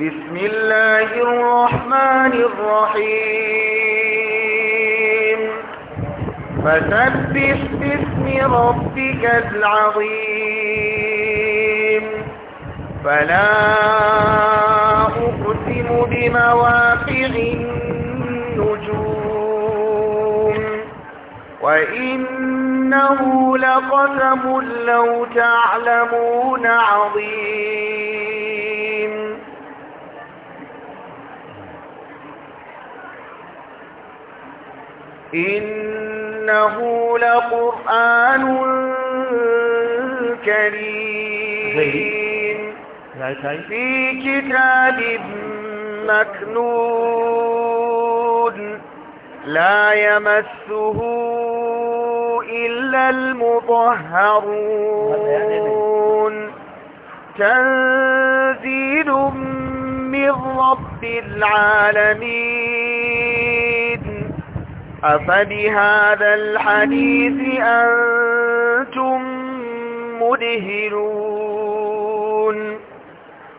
بسم الله الرحمن الرحيم فسبح باسم ربك العظيم فلا أقسم بمواقع النجوم وإنه لقسم لو تعلمون عظيم إنه لقرآن كريم في كتاب مكنون لا يمسه إلا المطهرون تنزيل من رب العالمين أفبهذا الحديث أنتم مدهنون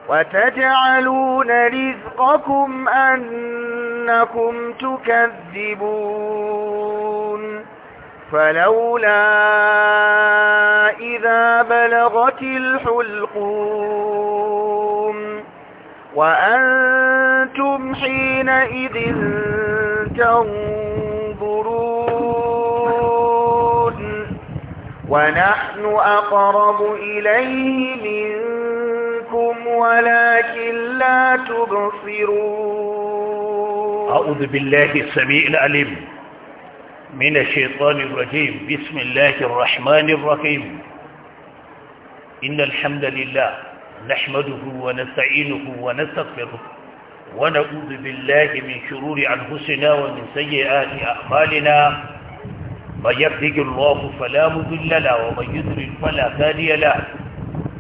وتجعلون رزقكم أنكم تكذبون فلولا إذا بلغت الحلقوم وأنتم حينئذ تنظرون ونحن أقرب إليه منكم ولكن لا تبصرون أعوذ بالله السميع العليم من الشيطان الرجيم بسم الله الرحمن الرحيم إن الحمد لله نحمده ونستعينه ونستغفره ونعوذ بالله من شرور أنفسنا ومن سيئات أعمالنا من يهده الله فلا مضل له ومن يضلل فلا هادي له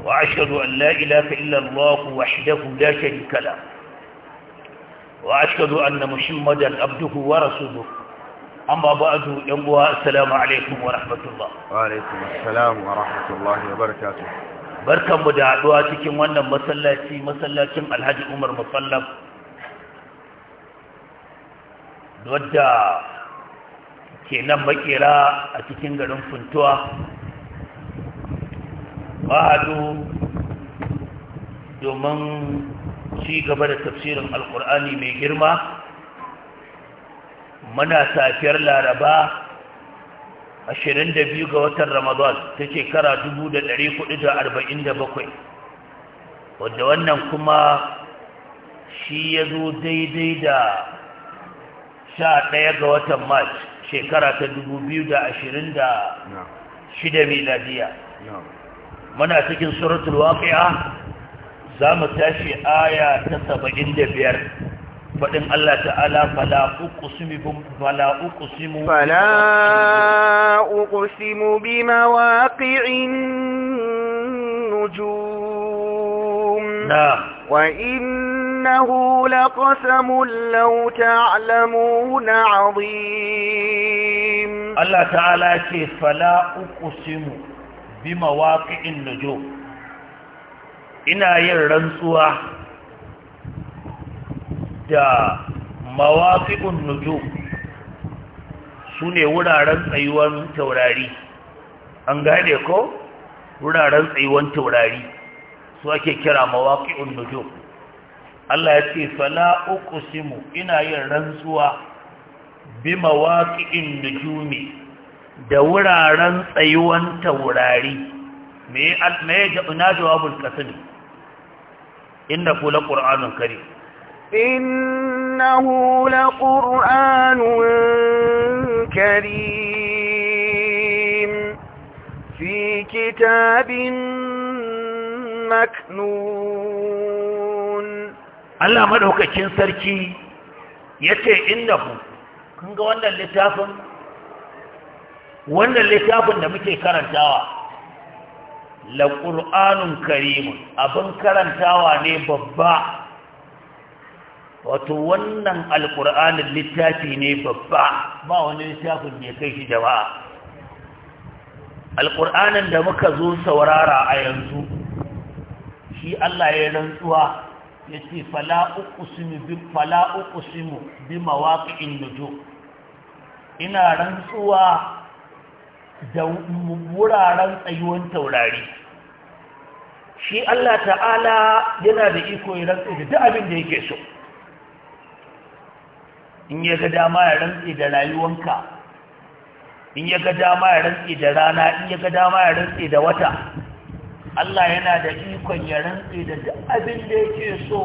وأشهد أن لا إله إلا الله وحده لا شريك له وأشهد أن محمدا عبده ورسوله أما بعد ينبوها السلام عليكم ورحمة الله وعليكم السلام ورحمة الله وبركاته barkan mu da haɗuwa cikin wannan masallaci masallacin alhaji umar musallam wadda Ke nan makera a cikin garin funtuwa ba'adu domin ci gaba da tafsirin alkur'ani mai girma muna safiyar laraba 22 ga watan ramadan ta shekara 1447 wadda wannan kuma shi ya zo daidai da sha ɗaya ga watan march shekara ta 2026 miladiya muna cikin suratul waqi'a za mu tashi aya ta 75 faɗin Allah ta'ala fala uqsimu fala uqsimu fala uqsimu bimawaqi'in nujum na'am وإنه لقسم لو تعلمون عظيم الله تعالى كيف فلا أقسم بمواقع النجوم ina yin rantsuwa da mawaƙi'un nuju su ne wuraren tsayuwan taurari an gane ko wuraren tsayuwan taurari su ake kira mawaƙi nujum Allah ya ce fala uqsimu ina yin rantsuwa bi mawaqi'in ne. da wuraren tsayuwan taurari me me na jawabul ne. inna kula qur'anun karim innahu laqur'anun karim fi كتاب maknun Allah madaukakin sarki yace innahu kun ga wannan littafin wannan littafin da muke karantawa la qur'anun karimun abin karantawa ne babba wato wannan alƙur'anin littafi ne babba ba wani littafin da ya kai shi jama'a alƙur'anin da muka zo saurara a yanzu shi Allah ya rantsuwa ya ce fala simu bi mawaqi'in nujum ina rantsuwa da wuraren tsayuwan taurari shi Allah ta'ala yana da iko ya rantsu da duk abin da yake so in ya ga dama ya rantsu da rayuwanka in ya ga dama ya rantsu da rana in ya ga dama ya rantsu da wata Allah yana da ikon ya rantse da duk abin da yake so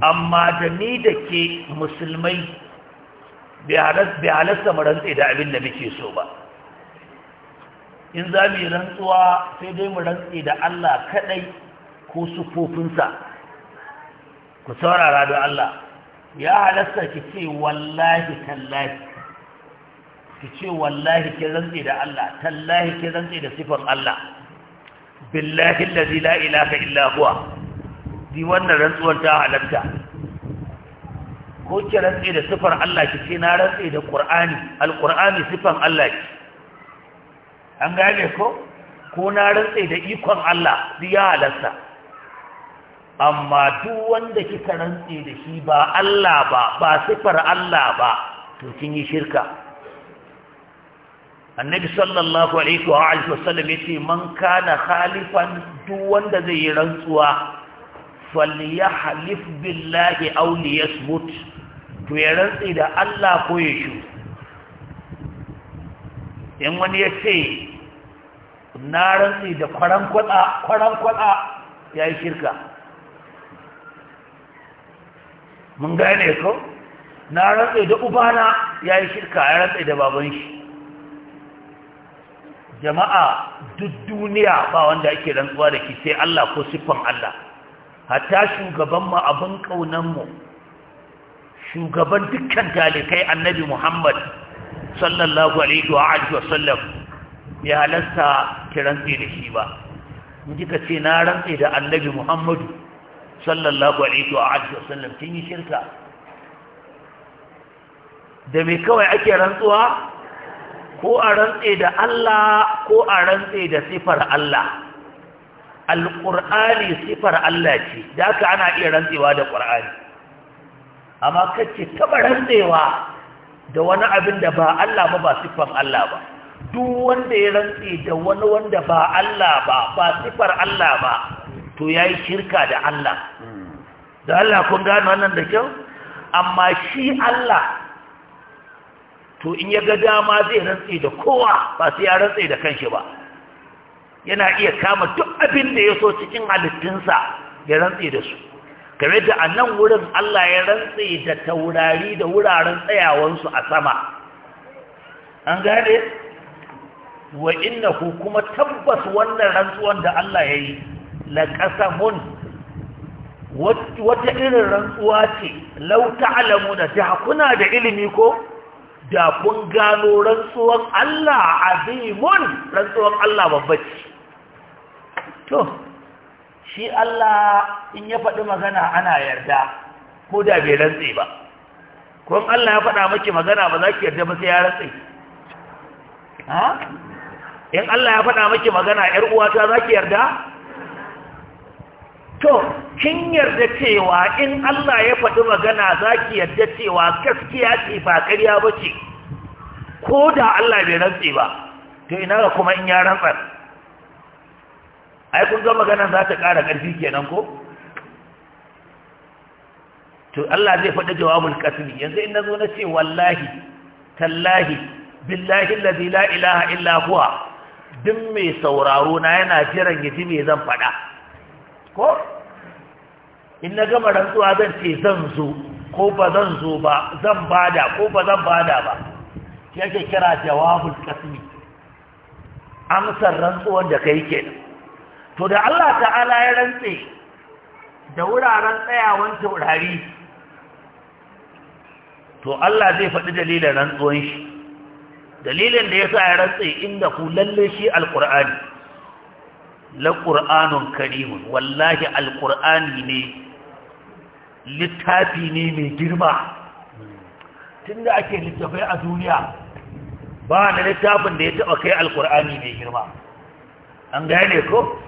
amma da ni da ke musulmai bai halasta mu rantse da abin da muke so ba in za mu yi rantsuwa sai dai mu rantse da Allah kadai ko sufofinsa ku saurara da Allah ya halasta ki ce wallahi tallahi ki ce wallahi ki rantse da Allah tallahi ki rantse da sifan Allah billahi allazi la ilaha illa huwa di wannan rantsuwar ta halatta ko ki rantsi da sifar Allah ki ce na rantsi da Qur'ani alqur'ani sifan Allah ki an gane ko ko na rantsi da ikon Allah di ya halatta amma duk wanda kika rantsi da shi ba Allah ba ba sifar Allah ba to kin yi shirka annabi sallallahu alaihi wa alihi wasallam yace man kana khalifan duk wanda zai yi rantsuwa falyahlif billahi aw liyasbut to ya rantsi da Allah ko ya shu in wani yace na rantsi da kwaran kwada kwaran kwada yayi shirka mun gane ko na rantsi da ubana yayi shirka ya rantsi da baban shi jama'a duk duniya ba wanda ake rantsuwa da ki sai Allah ko siffan Allah hatta shugaban mu abin kaunan mu shugaban dukkan talikai annabi Muhammad sallallahu alaihi wa alihi wa sallam ya halasta ki rantsi da shi ba in kika ce na rantsi da annabi Muhammad sallallahu alaihi wa alihi wa sallam kin yi shirka da me kawai ake rantsuwa ko a rantse da Allah ko a rantse da sifar Allah alƙur'ani sifar Allah ce da haka ana iya rantsewa da ƙur'ani amma kacce taɓa rantsewa da wani abin da ba Allah ba ba sifar Allah ba duk wanda ya rantse da wani wanda ba Allah ba ba sifar Allah ba to ya yi shirka da Allah da Allah kun gano wannan da kyau amma shi Allah to in ya ga dama zai rantse da kowa ba sai ya rantse da kanshi ba yana iya kama duk abin da ya so cikin halittunsa ya rantse da su game da a wurin Allah ya rantse da taurari da wuraren tsayawansu a sama an gane wa innahu kuma tabbas wannan rantsuwan da Allah ya yi la qasamun wata irin rantsuwa ce lau ta'lamu da ta, kuna da ilimi ko da kun gano rantsuwan Allah azimun rantsuwan Allah babbaci to shi Allah in ya faɗi magana ana yarda ko da bai rantsi ba kun Allah ya faɗa maki magana ba za ki yarda ba sai ya rantsi ha in Allah ya faɗa maki magana ƴar uwata za ki yarda to kin yarda cewa in Allah ya faɗi magana za ki yarda cewa gaskiya ce ba ƙarya ba ce ko da Allah bai rantse ba to ina ga kuma in ya rantsar ai kun magana za ta ƙara ƙarfi kenan ko to Allah zai faɗi jawabin qasmi yanzu in nazo na ce wallahi tallahi billahi allazi la ilaha illa huwa duk mai sauraro na yana jiran yaji mai zan faɗa ko in na gama rantsuwa zan ce zan zo ko ba zan zo ba zan bada ko ba zan bada ba shi ake kira jawabul kasmi amsar rantsuwar da kai ke. to da Allah ta'ala ya rantse da wuraren tsayawan taurari to Allah zai faɗi dalilin rantsuwan shi dalilin da ya sa ya rantse inda ku lalle shi alƙur'ani la Karimu, wallahi alƙur'ani ne littafi ne mai girma tun ake littafai a duniya ba na littafin da ya taɓa kai alƙur'ani mai girma an gane ko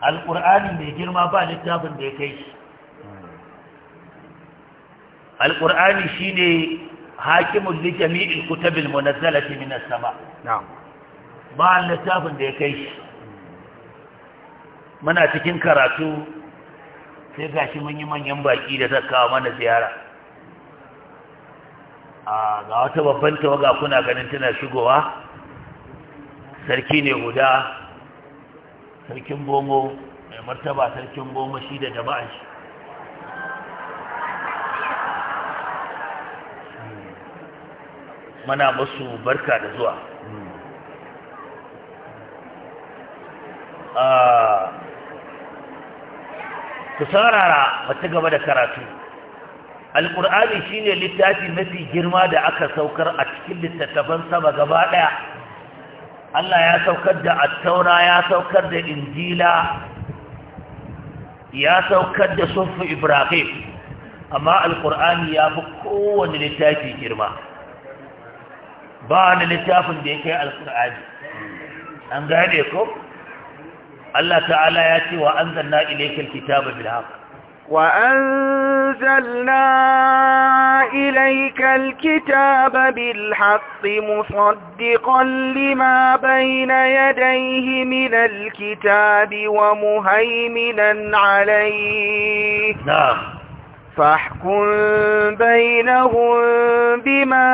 alƙur'ani mai girma ba littafin da ya kai shi alƙur'ani shi ne hakimun lijami'il kutabil munazzalati minas sama ba littafin da ya kai shi muna cikin karatu sai gashi mun yi manyan baki da ta kawo mana ziyara a ga wata babban tawaga kuna ganin tana shigowa sarki ne guda sarkin bomo mai martaba sarkin bomo shi da jama'an shi mana musu barka da zuwa a ku saurara mu gaba da karatu shi shine littafi mafi girma da aka saukar a cikin littattafan sama gaba ɗaya. Allah ya saukar da Attauna, ya saukar da injila ya saukar da sufu ibrahim amma Alƙur'ani ya fi kowane littafi girma ba wani littafin da ya kai Alƙur'ani. an gane ko الله تعالى ياتي وانزلنا اليك الكتاب بالحق وانزلنا اليك الكتاب بالحق مصدقا لما بين يديه من الكتاب ومهيمنا عليه نعم فاحكم بينهم بما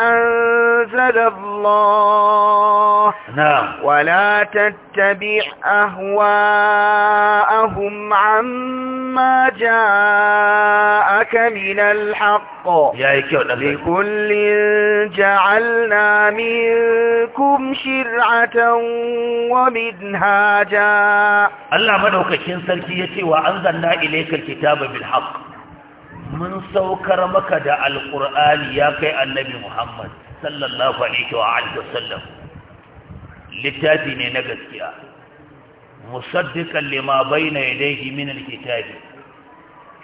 انزل الله نعم ولا تتبع أهواءهم عما جاءك من الحق لكل جعلنا منكم شرعة ومنهاجا الله منوك كنسلتي وأنزلنا إليك الكتاب بالحق من سوكر مكدا القرآن يا كي النبي محمد صلى الله عليه وآله وسلم littafi ne na gaskiya musaddiqan lima bayna yadayhi min alkitabi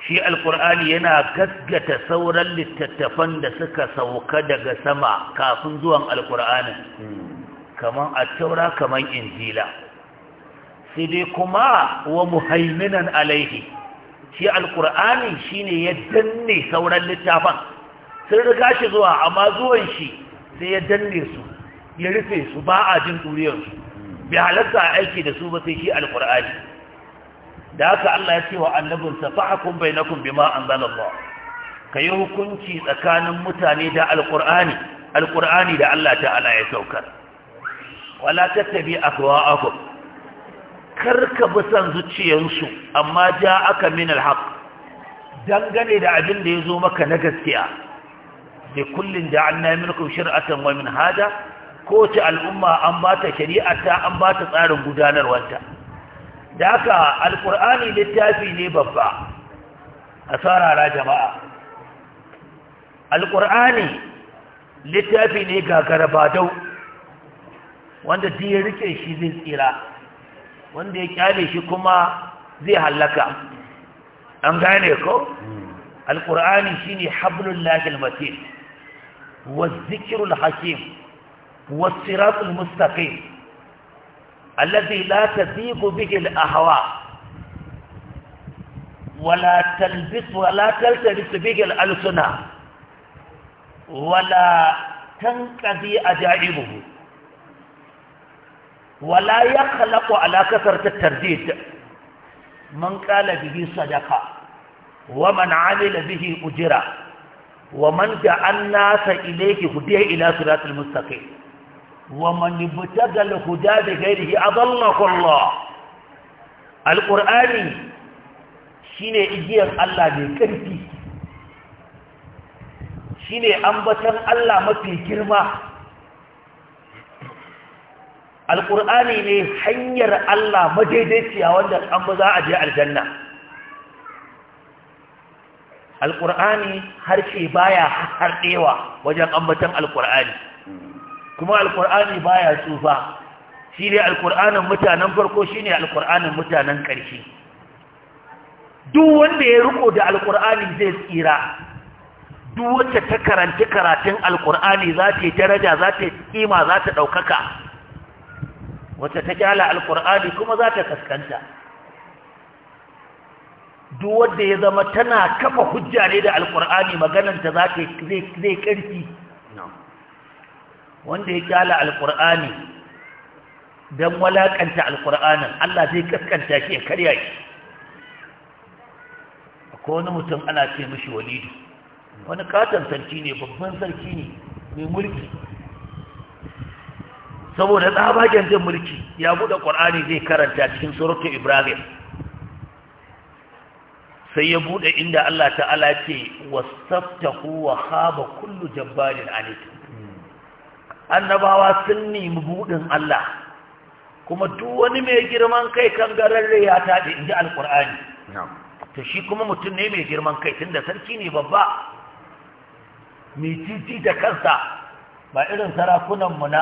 shi alqur'ani yana gasgata sauran littattafan da suka sauka daga sama kafin zuwan alqur'ani kaman at-taura kaman injila sai dai kuma wa muhaiminan alaihi shi alqur'ani shine ya danne sauran littafan sun riga shi zuwa amma zuwan shi sai ya danne su ya rufe su ba a jin duriyarsu bai halatta aiki da su ba sai shi alkur'ani da haka Allah ya ce wa annabinsa fahakun bainakum bima anzalallah ka yi hukunci tsakanin mutane da alkur'ani alkur'ani da Allah ta'ala ya saukar wala tattabi ahwa'akum kar ka bi san zuciyarsu amma ja aka min alhaq dangane da abin da ya zo maka na gaskiya da kullun da'anna minkum shir'atan wa hada kowace al'umma an ba ta shari'arta an ba ta tsarin gudanarwarta da haka Alƙur'ani littafi ne babba a sarara jama'a Alƙur'ani littafi ne gagarabadau wanda duk ya rike shi zai tsira wanda ya kyale shi kuma zai hallaka an gane ko alkur'ani shine hablul lahil matin wa zikrul hakim والصراط المستقيم الذي لا تزيغ به الأهواء ولا تلبس ولا تلتبس به الألسنة ولا تنقضي أجائبه ولا يخلق على كثرة الترديد من قال به صدقة ومن عمل به أجرا ومن جعل الناس إليه هديه إلى صراط المستقيم ومن ابتغى الهدى بغيره أضله الله القرآن شيني إجير الله بكرتي شيني أنبتن الله مفي كرمة القرآن ne hanyar Allah madaidaiciya wanda an ba za je aljanna alƙur'ani harshe baya harɗewa wajen ambatan alƙur'ani kuma alkur'ani baya tsufa shi ne alkur'anin mutanen farko shi ne alkur'anin mutanen ƙarshe duk wanda ya riko da alkur'ani zai tsira duk wacce ta karanci karatun alkur'ani za ta yi daraja za ta yi kima za ta ɗaukaka wacce ta kyala alkur'ani kuma za ta kaskanta duk wanda ya zama tana kafa hujja ne da alkur'ani magananta zai ƙarfi wanda ya kyala alkur'ani don walakanta alkur'anin Allah zai kaskanta shi ya karya shi A kowane mutum ana ce mishi walidu wani katon sarki ne babban sarki ne mai mulki saboda tsabagen jin mulki ya buɗe ƙwar'ani zai karanta cikin surutu ibrahim sai ya buɗe inda Allah ta'ala ce wasaftahu wa haba kullu jabbarin anita. annabawa sun nemi buɗin Allah kuma duk wani mai girman kai kan gararre ya taɗe inji ji alƙur'ani to shi kuma mutum ne mai girman kai tun da sarki ne babba mai titi da kansa ba irin sarakunanmu na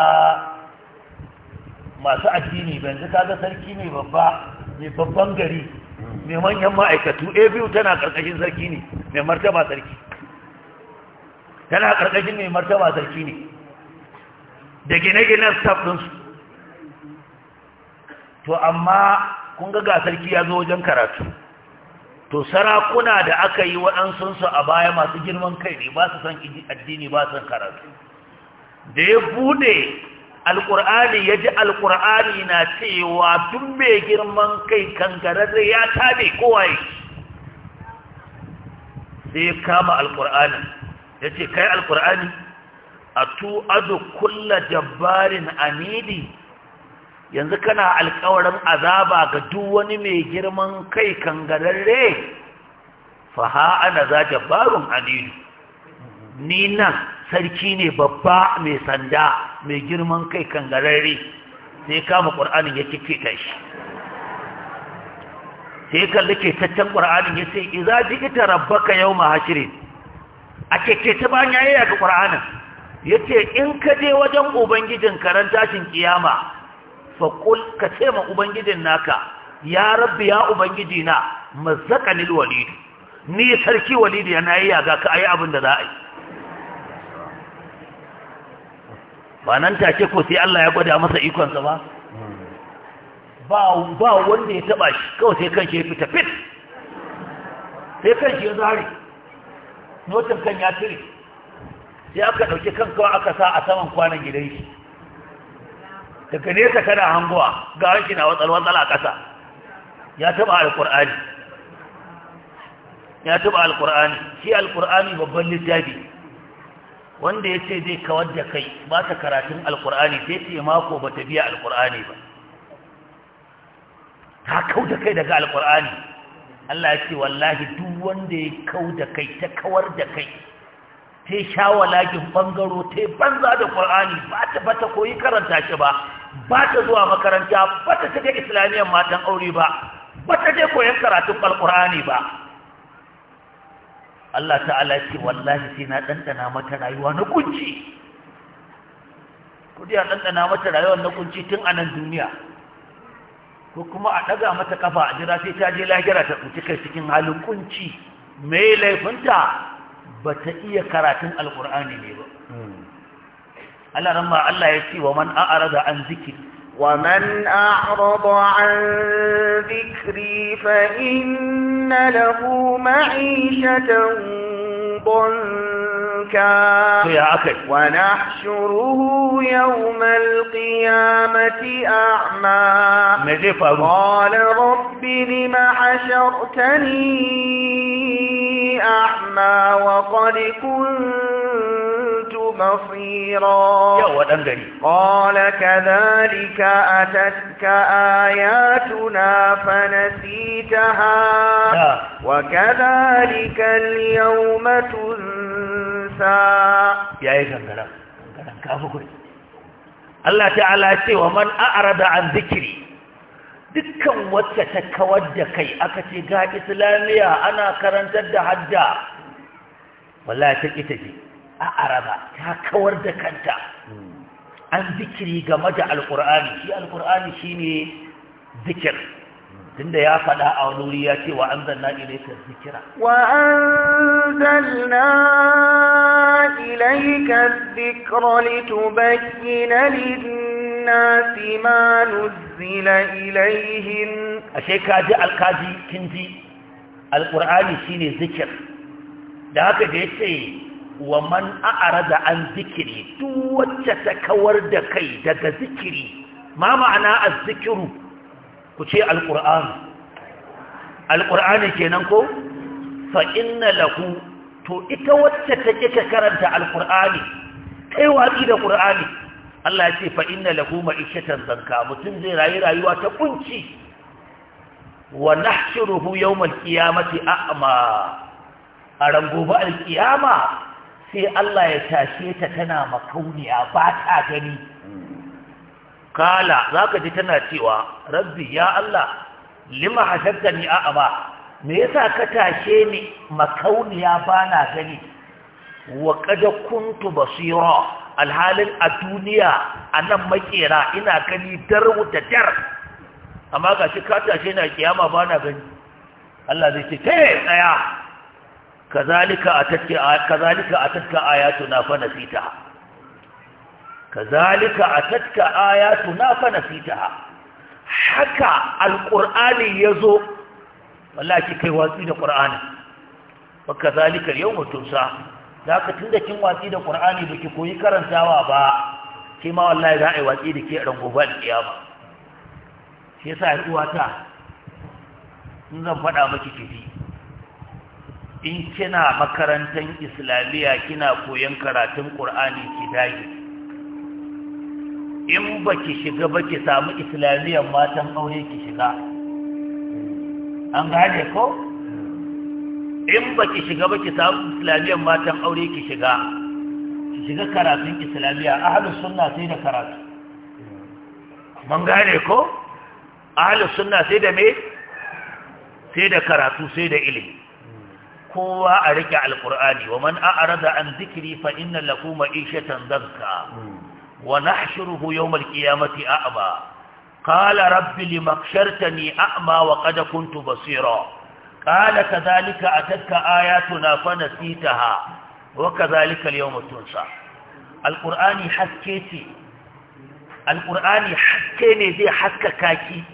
masu addini ba yanzu kaga sarki ne babba mai babban gari mai manyan ma'aikatu a biyu tana ƙarƙashin sarki ne mai martaba sarki tana ƙarƙashin mai martaba sarki ne da gine-ginen staff ɗinsu to amma kun ga sarki ya zo wajen karatu to sarakuna da aka yi waɗansunsu a baya masu girman kai ne ba su san addini ba su karatu da ya bude alƙur'ani ya ji alƙur'ani na cewa tun mai girman kai kankararre ya tabe kowaye sai ya kama alƙur'anin ya ce kai alƙur'ani a tu'adu kulla jabbarin anidi yanzu kana alƙawarin azaba ga duk wani mai girman kai kangararre ha ana za jabbarun anidu ni nan sarki ne babba mai sanda mai girman kai kangararre sai kama ƙwar'anin ya kike kai shi sai kalli ketaccen ƙwar'anin ya ce iza ji rabbaka yau mahashirin a keketa bayan yayi ga ƙur'anin? ya ce in ka je wajen ubangijin karan tashin kiyama faƙul ka ce ma ubangijin naka ya rabbi ya ubangiji na ni walidu ni sarki walidu yana yi yaga ka a yi abin da za a yi ba nan take ko sai Allah ya gwada masa ikonsa ba ba wanda ya taba shi kawai sai kan shi ya fita fit sai kan shi ya zari notin kan ya tiri sai aka ɗauki kan kawai aka sa a saman kwanan gidan shi daga nesa kana hangowa ga wanki na watsal-watsal a ƙasa ya taɓa alƙur'ani ya taɓa alƙur'ani shi alƙur'ani babban littafi wanda ya ce zai kawar da kai ba ta karatun alƙur'ani sai ce mako ba ta biya alƙur'ani ba ta kau da kai daga alƙur'ani Allah ya ce wallahi duk wanda ya kau da kai ta kawar da kai ta shawa lagin bangaro ta yi banza da ƙwar'ani ba ta ba ta koyi karanta shi ba ba ta zuwa makaranta ba ta ta je islamiyyar matan aure ba ba ta je koyon karatun ƙwar'ani ba Allah ta'ala ce wallahi sai na ɗanɗana mata rayuwa na kunci kudi a ɗanɗana mata rayuwa na kunci tun a nan duniya ko kuma a ɗaga mata kafa a jira sai ta je lahira ta tsinci kai cikin halin kunci me laifinta bata iya karatun alkur'ani ne ba Allah ramma Allah ya ce wa man a'rada an zikri ومن أعرض عن ذكري فإن له معيشة ضنكا ونحشره يوم القيامة أعمى قال رب لم حشرتني أعمى وقد كنت بصيرا قال كذلك أتتك آياتنا فنسيتها آه. وكذلك اليوم تنسى يا إيجا الله تعالى سوى من أعرض عن ذكري dukkan wacce ta kawar da kai aka ce ga islamiyya ana karantar da hajja wallahi ta ƙi take a araba ta kawar da kanta an zikiri game da alƙur'ani shi alƙur'ani shine zikir tunda ya faɗa a wani wuri ya ce wa an zanna ilaika zikira wa an zanna ilaika zikra na lin الناس ما نزل إليهم أشياء كاجي الكاجي كنجي القرآن شيني ذكر da haka da ya ce wa man a'arada an zikiri duk wacce ta kawar da kai daga zikiri ma ma'ana azzikiru ku ce alqur'ani alqur'ani kenan ko fa inna lahu to ita wacce ta kika karanta alqur'ani kai watsi da ƙur'ani? Allah ya ce fa inna lahu ma'ishatan zanka mutum zai rayu rayuwa ta kunci wa nahshuruhu yawmal qiyamati a'ma a rangobe alkiyama sai Allah ya tashe ta tana makauniya ba ta gani kala zaka ji tana cewa rabbi ya Allah lima hasabtani a'ma me yasa ka tashe ni makauniya bana gani wa qad kuntu basira alhalin a duniya a nan makera ina gani darwuta dar amma ga shi katashe na kiyama ba na gani Allah zai ce kai tsaya kazalika a kazalika atatka na fa nasita kazalika atatka ayatuna fa nasita haka alqur'ani yazo wallahi kai watsi da qur'ani fa kazalika yawma tunsa da haka tun da kin watsi da qur'ani ki koyi karantawa ba ki ma wallahi za a yi watsi da ke ran gobe alƙiyama shi yasa uwa ta, in zan faɗa miki kifi in kina makarantar islamiyya kina koyon karatun qur'ani ki dage in baki shiga ba ki samu islamiyyar matan aure ki shiga an gane ko in ba ki shiga ba ki samu islamiyyar matan aure ki shiga ki shiga karatun islamiyya ahalus sunna sai da karatu mun gane ko ahalus sunna sai da me sai da karatu sai da ilimi kowa a rike alqur'ani wa man a'rada an zikri fa inna lahu ma'ishatan danka wa nahshuruhu yawm alqiyamati a'ma qala rabbi limakshartani a'ma wa qad kuntu basira ƙala ka a takka ayatu na fana fita ha, waka zalika yau mutunsa. Al’ur'ani haske haske ne zai haska kaki,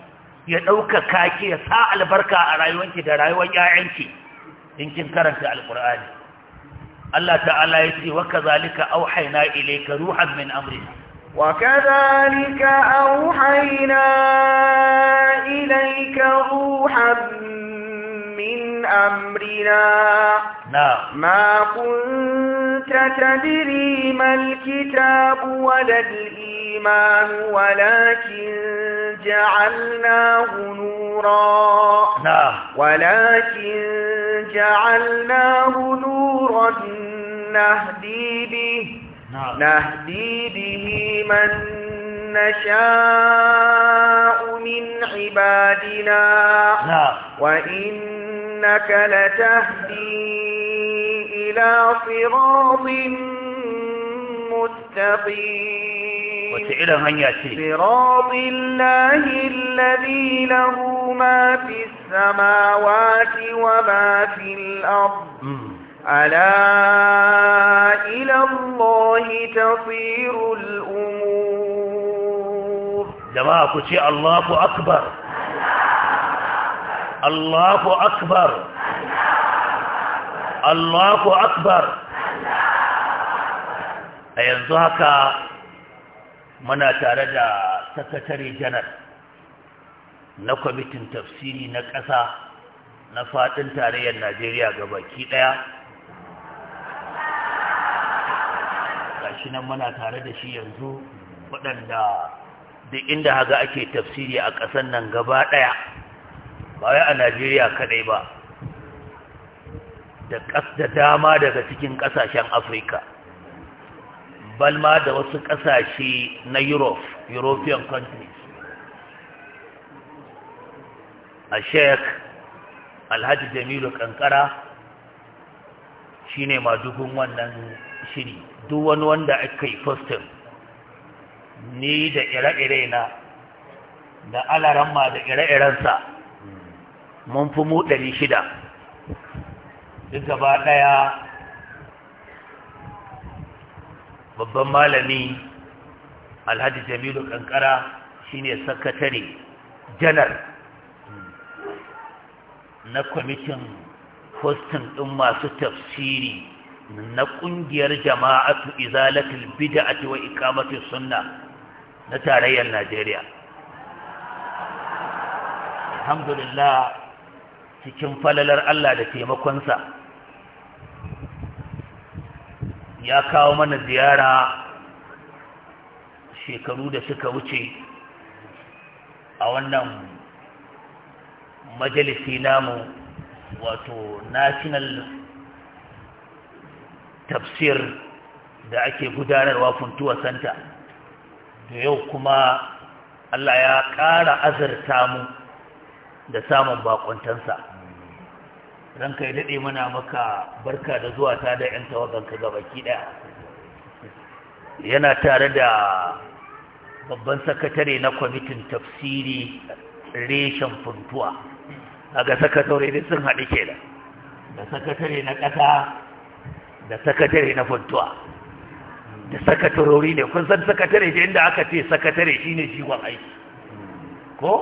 ya ɗauka kaki, ya sa albarka a rayuwanki da rayuwan ‘ya’yanki, in kin karanta al’ur'ani. Allah ta’ala ya ce, waka zalika au haina ile ka ruhan min amrina. وكذلك أوحينا إليك روحا من أمرنا نعم ما كنت تدري ما الكتاب ولا الإيمان ولكن جعلناه نورا نعم ولكن جعلناه نورا نهدي به نعم نهدي به من نشاء من عبادنا نعم وإنك لتهدي إلى صراط مستقيم صراط الله الذي له ما في السماوات وما في الأرض ألا إلى الله تصير الأمور jama'a ku ce Allahu akbar Allahu akbar Allahu akbar a yanzu haka muna tare da sakatare janar na kwamitin tafsiri na ƙasa na faɗin tarayyar Najeriya ga baki ɗaya shi nan muna tare da shi yanzu waɗanda duk inda haga ake tafsiri a ƙasar nan gaba ɗaya ba wai a najeriya kaɗai ba da dama daga cikin ƙasashen afirka balma da wasu ƙasashe na europe european countries a sheik alhaji jamilu kankara shine madugun wannan shiri duk wani wanda aka yi fostin ni da ire-ire na da alaramma da ire-irensa mun fi mu ɗari shida duk gaba ɗaya babban malami alhaji jamilu kankara shine sakatare janar na kwamitin hostin ɗin masu tafsiri na ƙungiyar jama'atu izalatul bid'ati wa iqamati sunna na tarayyar najeriya alhamdulillah cikin falalar allah da taimakonsa ya kawo mana ziyara shekaru da suka wuce a wannan majalisi namu wato national tafsir da ake gudanarwa funtuwa santa Da yau kuma Allah ya ƙara azarta mu da samun bakontansa ranka ya daɗe mana maka barka da zuwa ta da 'yan tawaganka gabaki ɗaya yana tare da babban sakatare na kwamitin tafsiri reshen funtuwa ga sakatare da sun haɗu da, da sakatare na ƙasa da sakatare na funtuwa da sakatarori ne kun san sakatare da inda aka ce sakatare shine jigon aiki ko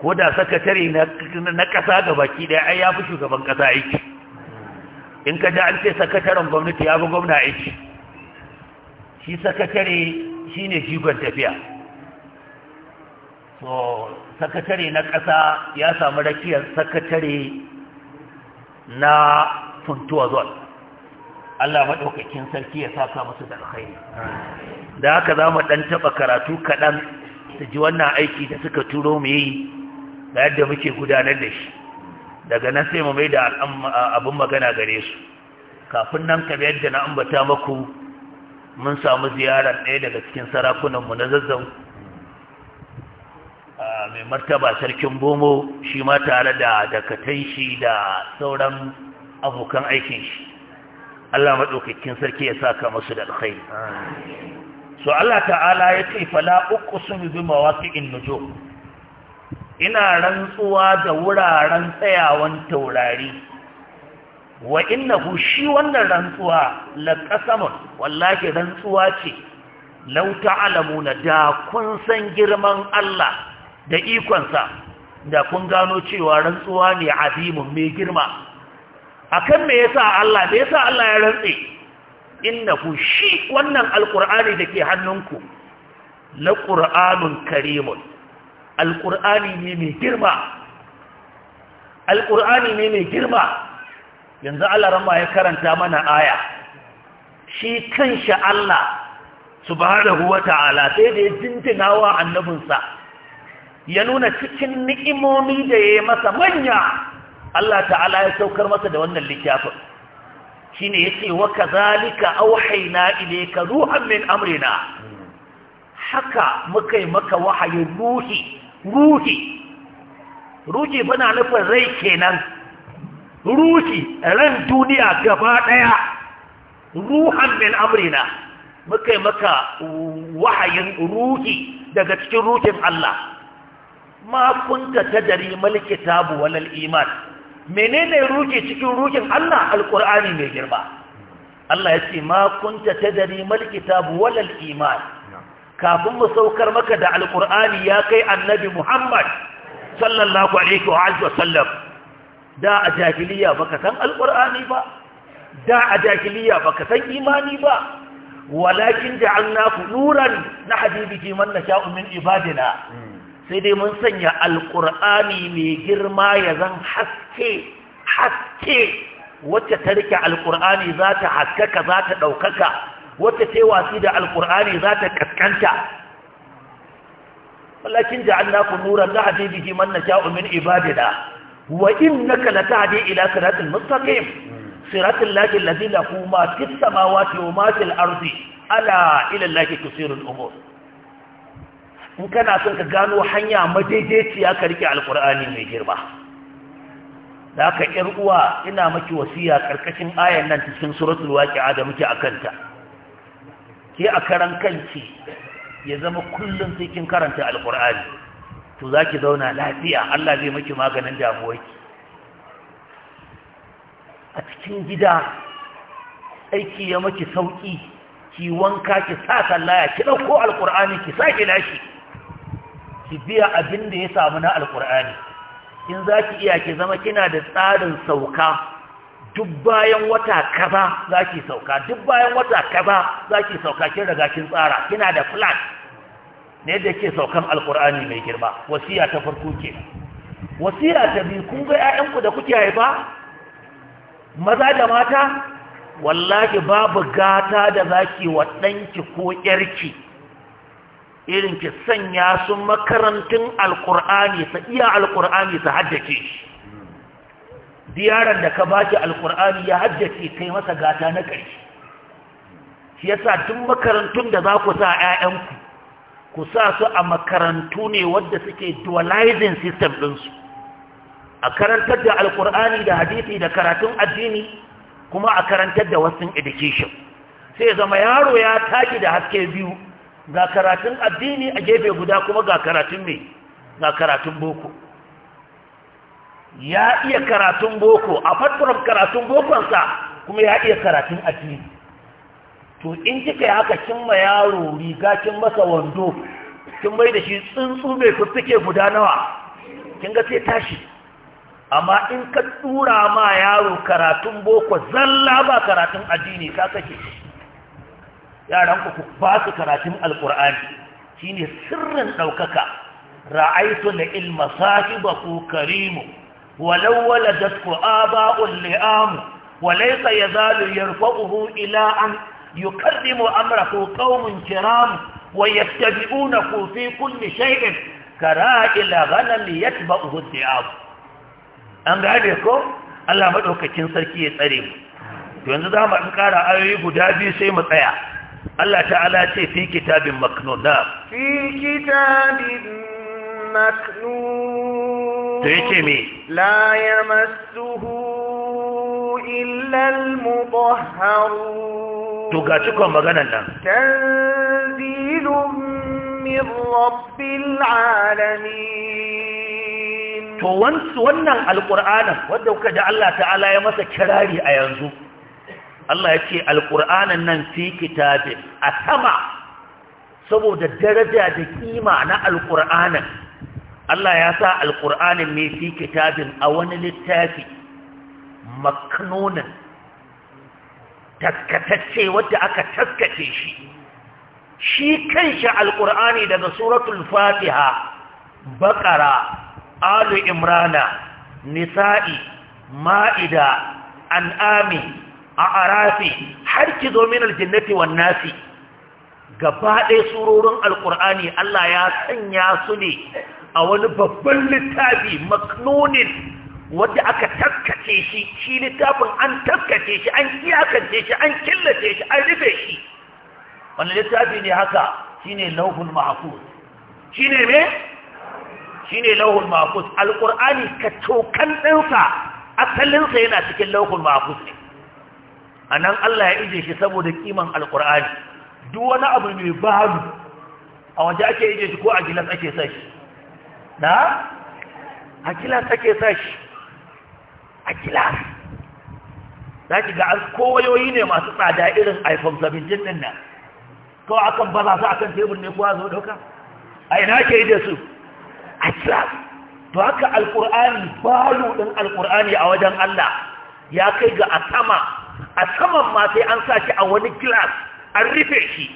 ko da sakatare na kasa ga baki da ai ya fi shugaban kasa aiki in ka ji an ce sakataren gwamnati ya fi gwamna aiki shi sakatare shine jigon tafiya so sakatare na kasa ya samu rakiyar sakatare na funtuwa zuwa. Allah maɗaukakin sarki ya saka musu da alkhairi da haka za mu ɗan taɓa karatu kaɗan su ji wannan aiki da suka turo mu yi da yadda muke gudanar da shi daga nan sai mu mai da abin magana gare su kafin nan kamar yadda na ambata maku mun samu ziyarar ɗaya daga cikin sarakunanmu na zazzau mai martaba sarkin bomo shi ma tare da dakatai shi da sauran abokan aikin shi Allah maɗaukakin sarki ya saka su da alkhairi so Allah ta'ala ya ce fala uku sun bi mawaƙi'in nujo. ina rantsuwa da wuraren tsayawan taurari wa innahu shi wannan rantsuwa la ƙasamun, wallahi rantsuwa ce law na da kun san girman Allah da ikonsa da kun gano cewa rantsuwa ne azimun mai girma akan me yasa Allah me yasa Allah ya rantse innahu shi wannan alqur'ani dake hannunku la qur'anun karimun alqur'ani ne mai girma alqur'ani ne mai girma yanzu Allah ramma ya karanta mana aya shi kansa Allah subhanahu wata'ala sai da ya jinjinawa annabinsa ya nuna cikin ni'imomi da ya yi masa manya Allah ta'ala ya saukar masa da wannan littafin shine yace wa kadhalika auhayna ilayka ruhan min amrina haka mukai maka wahayin ruhi ruhi ruhi bana nufin rai kenan ruhi ran duniya gaba daya ruhan min amrina muka maka wahayin ruhi daga cikin ruhin Allah ma kunta tadari mal walal iman menene ruke cikin rukin Allah alkur'ani mai girma Allah ya ce ma kunta tadri mal kitabu walal iman kafin mu saukar maka da alkur'ani ya kai annabi Muhammad sallallahu alaihi wa alihi wasallam da a jahiliya baka san alqur'ani ba da a jahiliya baka san imani ba walakin ja'alnaku nuran na bihi man nasha'u min ibadina hmm. sai dai mun sanya alƙur'ani mai girma ya zan haske haske wacce ta rike alƙur'ani za ta haskaka za ta ɗaukaka wacce ta wasi da alƙur'ani za ta kaskanta walakin nura nuran nahdi bihi man nasha'u min ibadina wa innaka latahdi ila siratin mustaqim siratal lahi alladhi lahu ma fis samawati wa ma fil ardi ala ila allahi tusirul umur in kana son ka gano hanya madaidaiciya ka rike alkur'ani mai girma da aka yar uwa ina maki wasiya ƙarƙashin ayan nan cikin suratul waƙi'a da muke a kanta. ke a karan kanki ya zama kullum sai kin karanta alkur'ani to za ki zauna lafiya Allah zai maki maganin damuwarki a cikin gida aiki ya maki sauƙi ki wanka ki sa sallaya ki ɗauko alkur'ani ki sake lashi ki biya abin da ya samu na alkur'ani in za ki iya ki zama kina da tsarin sauka duk bayan wata kaza za ki sauka duk bayan wata kaza za ki sauka kin riga kin tsara kina da plan ne yadda ke saukan alkur'ani mai girma wasiya ta farko ke wasiya ta biyu kun ga 'ya'yanku da kuke haifa maza da mata wallahi babu gata da zaki wa ɗanki ko ƴarki irin ki sanya su makarantun alkur'ani sa iya alkur'ani sa haddace shi diyaran da ka baki alkur'ani ya haddace kai masa gata na ƙarshe shi yasa duk makarantun da za ku sa 'ya'yanku ku sa su a makarantu ne wadda suke dualizing system ɗinsu a karantar da alkur'ani da hadisi da karatun addini kuma a karantar da wasu education sai zama yaro ya taki da haske biyu ga karatun addini a gefe guda kuma ga karatun mai ga karatun boko ya iya karatun boko a fatfarar karatun bokonsa kuma ya iya karatun addini to in kika ya haka kin ma yaro riga kin masa wando kin mai da shi tsuntsu mai fiffike guda nawa kin ga sai tashi amma in ka tura ma yaro karatun boko zalla ba karatun addini ka kake shi yaran ku ba su karatun alkur'ani shine sirrin ɗaukaka ra'aitu na ilma sahibaku karimu walau waladatku aba'un li'amu walaysa yazalu yarfa'uhu ila an yukarrimu amrahu qaumun kiram wa yattabi'unahu fi kulli shay'in kara'il ghanam yatba'uhu ad an gane ko Allah madaukakin sarki ya tsare mu to yanzu za mu ƙara ayoyi guda biyu sai mu tsaya Allah ta'ala ce fi kitabin maknun na fi kitabin maknun to yake me la yamassuhu illa al-mudahharun to ga cikon maganan nan tanzilun min rabbil alamin to wannan alqur'anin wanda kuka da Allah ta'ala ya masa kirari a yanzu Allah ya ce alƙur'anin nan fi kitabi a sama saboda daraja da kima na alƙur'anin Allah ya sa alƙur'anin ne fi kitabin a wani littafi maknonin taskatacce wadda aka taskace shi shi kanshi alƙur'ani daga suratul fatiha baƙara alu imrana nisa'i ma'ida an'ami a arafi har ki zo min aljannati wan nasi gaba ɗaya surorin alkur'ani Allah ya sanya su ne a wani babban littafi maknunin wanda aka taskace shi shi littafin an taskace shi an iyakance shi an killace shi an rufe shi wani littafi ne haka shine lauhul mahfuz shine me shine lauhul mahfuz alqur'ani ka tokan dinsa asalinsa yana cikin lauhul mahfuz ne a nan Allah ya ije shi saboda kiman alkur'ani duk wani abu mai babu a waje ake ije shi ko a gilas ake sashi? na? a gilas ake sashi? a gilas za ki ga an kowayoyi ne masu tsada irin iphone 17 din nan kawai akan baza su akan tebur ne kuwa zo doka a ina ke ije su a gilas to haka alkur'ani balu din alkur'ani a wajen Allah ya kai ga a sama a saman ma sai an sa shi a wani glass an rufe shi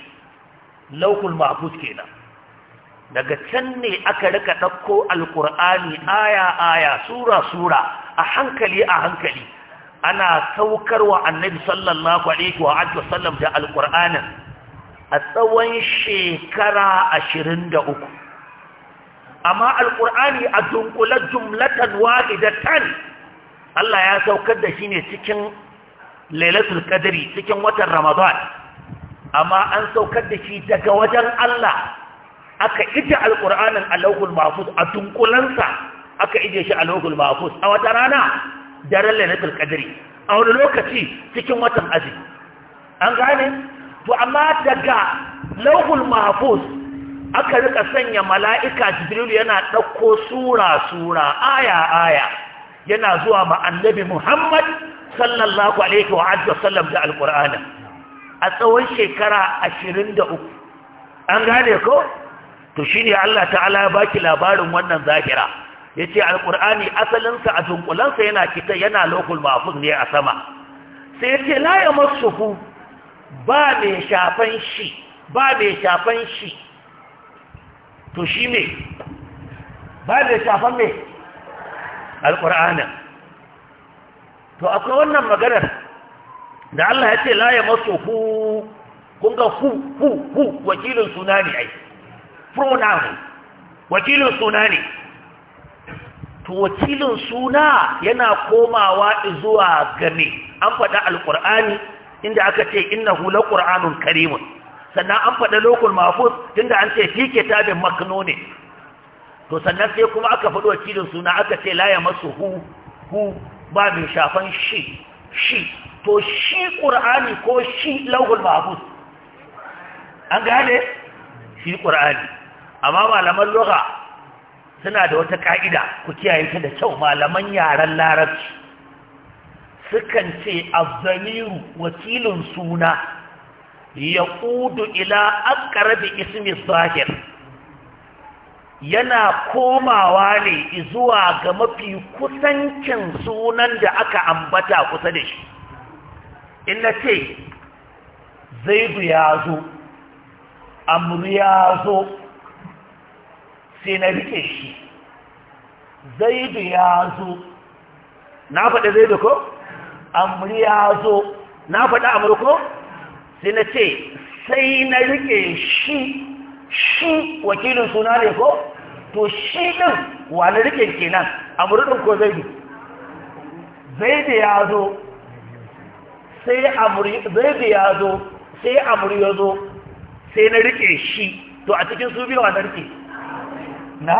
laukul mahfuz kenan daga can ne aka rika ɗauko alkur'ani aya aya sura sura a hankali a hankali ana saukarwa annabi sallallahu alaihi wa alihi da alqur'ani a tsawon shekara ashirin da uku amma alkur'ani a dunkule jumlatan wahidatan Allah ya saukar da shi ne cikin lailatul qadri cikin watan ramadan amma an saukar da shi daga wajen Allah aka ije alqur'anin alawhul mahfuz a dunkulansa aka ije shi alawhul mahfuz a wata rana daren lailatul qadri a wani lokaci cikin watan azumi an gane to amma daga laukul mahfuz aka rika sanya mala'ika jibril yana ɗauko sura sura aya aya yana zuwa ma annabi Muhammad sallallahu alaihi wa alihi wasallam da alqur'ani a tsawon shekara 23 an gane ko to shine Allah ta'ala ya baki labarin wannan zahira yace alqur'ani asalin sa a dunkulan sa yana kita yana lokul mahfuz ne a sama sai yace la yamassuhu ba mai shafan shi ba mai shafan shi to shi ne ba mai shafan me. alƙur'anin to akwai wannan maganar da Allah ya ce la ya masu hu kun ga hu hu hu wakilin suna ne ai pronoun wakilin suna ne to wakilin suna yana komawa zuwa game an faɗa alƙur'ani inda aka ce innahu hula ƙur'anun karimun sannan an faɗa lokul mafus tunda an ce fi kitabin maknuni to sannan sai kuma aka faɗi wakilin suna aka ce la masu hu hu ba mai shafan shi shi to shi ƙur'ani ko shi lauhul mahfuz an gane shi ƙur'ani amma malaman lugha suna da wata ƙa'ida ku kiyaye ta da kyau malaman yaren larabci sukan ce azzamiru wakilin suna ya ƙudu ila aqrabi ismi zahir yana komawa ne zuwa ga mafi kusancin sunan da aka ambata kusa da shi in ce zaidu ya zo amru ya zo sai na rike shi zaidu ya zo na faɗa zaidu ko? amru ya zo na faɗa amru ko? sai na ce sai na rike shi shi wakilin suna ne ko to shi ɗin wani rikin kenan a murɗin ko zaidu zaidu ya zo sai zaidu ya zo sai amur ya zo sai na rike shi to a cikin su biyu a narke na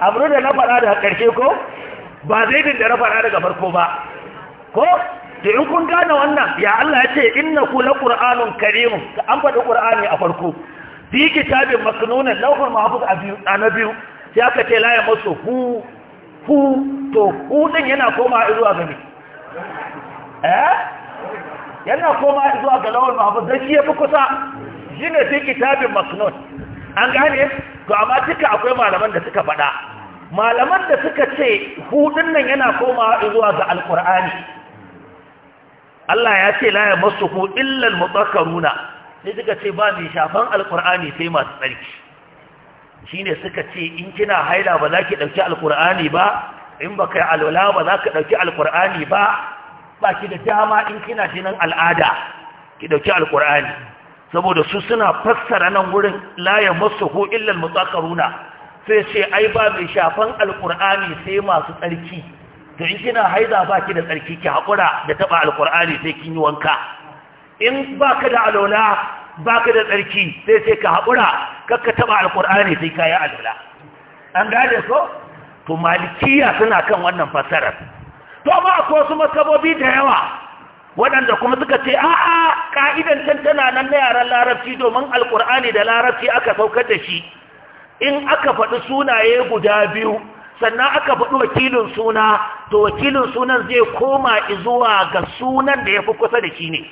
amur da na faɗa daga ƙarshe ko ba zaidun da na faɗa daga farko ba ko da in kun gane wannan ya Allah ya ce inna kula ƙur'anun karimun an faɗi ƙur'ani a farko bi kitabin maknunan laukar mahfuz a biyu ɗana biyu sai aka ce la ya masu hu hu to hu din yana koma zuwa ga ne eh yana koma zuwa ga lauhul mahfuz dan shi yafi kusa shine fi kitabin maknun an gane to amma cika akwai malaman da suka faɗa malaman da suka ce hu din nan yana koma zuwa ga alqur'ani Allah ya ce la ya masu hu illa al-mutahharuna sai suka ce ba mai shafan alkur'ani sai masu tsarki shine suka ce in kina haila ba za ki ɗauki alkur'ani ba in ba kai alwala ba za ka ɗauki alkur'ani ba ba ki da dama in kina jinin al'ada ki ɗauki alkur'ani saboda su suna fassara nan wurin layan masu ko illal mutsakaruna sai ce ai ba mai shafan alkur'ani sai masu tsarki to in kina haida ba ki da tsarki ki haƙura da taɓa alkur'ani sai kin yi wanka in ba ka da alola ba ka da tsarki sai sai ka haƙura kakka taɓa alƙur'ani sai ka yi alola an gane so to malikiya suna kan wannan fasarar to amma akwai wasu masabobi da yawa waɗanda kuma suka ce a'a ƙa'idan can tana nan na yaran larabci domin alƙur'ani da larabci aka saukar da shi in aka faɗi sunaye guda biyu sannan aka faɗi wakilin suna to wakilin sunan zai koma zuwa ga sunan da ya fi kusa da shi ne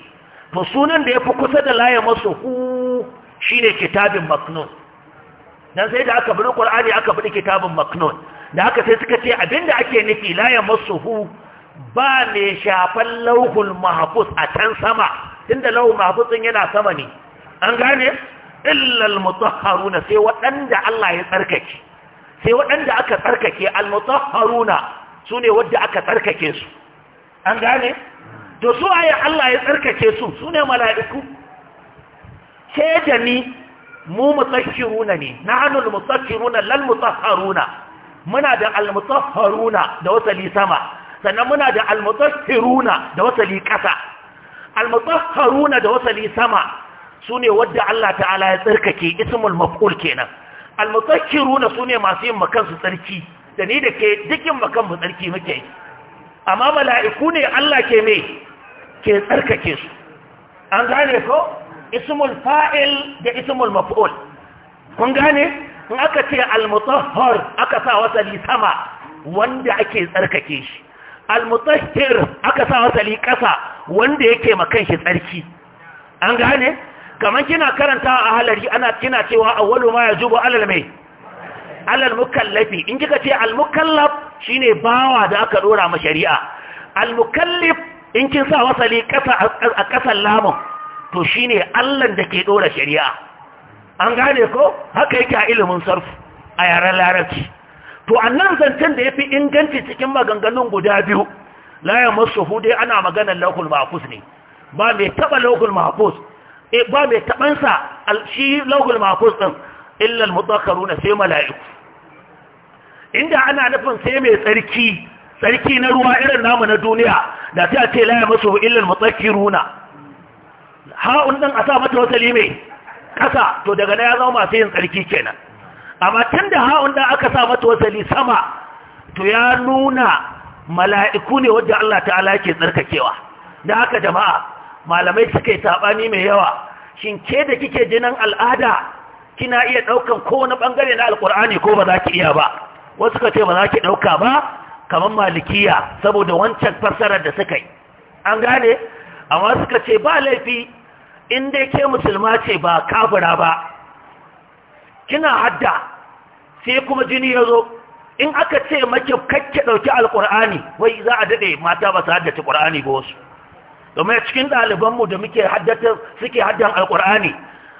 to sunan da ya fi kusa da laye masu hu shi ne kitabin maknon don sai da aka bi ƙwar'ani aka bi kitabin maknon da aka sai suka ce abinda ake nufi laye masu hu ba mai shafan lauhul mahafuz a can sama tunda lauhul mahafuz yana sama ne an gane illal mutahharuna sai waɗanda Allah ya tsarkake sai waɗanda aka tsarkake al mutahharuna sune wanda aka tsarkake su an gane Da su waye Allah ya tsarkake su su ne mala'iku ke da ni mu mutsakkiruna ne nahnu almutsakkiruna lal mutahharuna muna da almutahharuna da wasali sama sannan muna da almutsakkiruna da wasali kasa almutahharuna da wasali sama sune wadda Allah ta'ala ya tsarkake ismul maf'ul kenan almutsakkiruna sune masu yin makansu tsarki da ni da ke dukin makansu tsarki muke amma mala'iku ne Allah ke mai ke tsarkake su an gane ko ismul fa'il da ismul maf'ul kun gane in aka ce al-mutahhar aka sa wasali sama wanda ake tsarkake shi al aka sa wasali kasa wanda yake makan shi tsarki an gane kamar kina karanta a halari ana kina cewa awwalu ma yajubu alal mai alal mukallafi in kika ce al-mukallaf shine bawa da aka dora ma shari'a al in kin sa wasali a kasan lamun to shine ne da ke ɗora shari'a an gane ko haka yake a ilimin sarfu a yaren larabci to nan zancen da ya fi inganci cikin maganganun guda biyu layan masu dai ana maganar laukul mahafuz ne ba mai taɓa laukul e eh, ba mai taɓansa shi laukul mahafuz ɗin illal mutakaru na sai mala'iku inda ana nufin sai mai tsarki sarki na ruwa irin namu na duniya da sai a ce la masu illal runa. ha'un ɗin a sa mata wasali mai kasa to daga na ya zama masu yin tsarki kenan amma tun da ha'un ɗin aka sa mata wasali sama to ya nuna mala'iku ne wadda Allah ta'ala ke tsarkakewa da haka jama'a malamai suka yi sabani mai yawa shin ke da kike jinan al'ada kina iya daukan kowane bangare na alkur'ani ko ba za ki iya ba wasu ka ce ba za ki ɗauka ba kamar malikiya saboda wancan fassarar da suka yi an gane amma suka ce ba laifi in dai ke musulma ce ba kafira ba kina hadda sai kuma jini ya zo in aka ce maki kakke ɗauki alƙur'ani wai za a daɗe mata ba su haddace ƙur'ani ba wasu domin cikin ɗalibanmu da muke haddata suke haddan alƙur'ani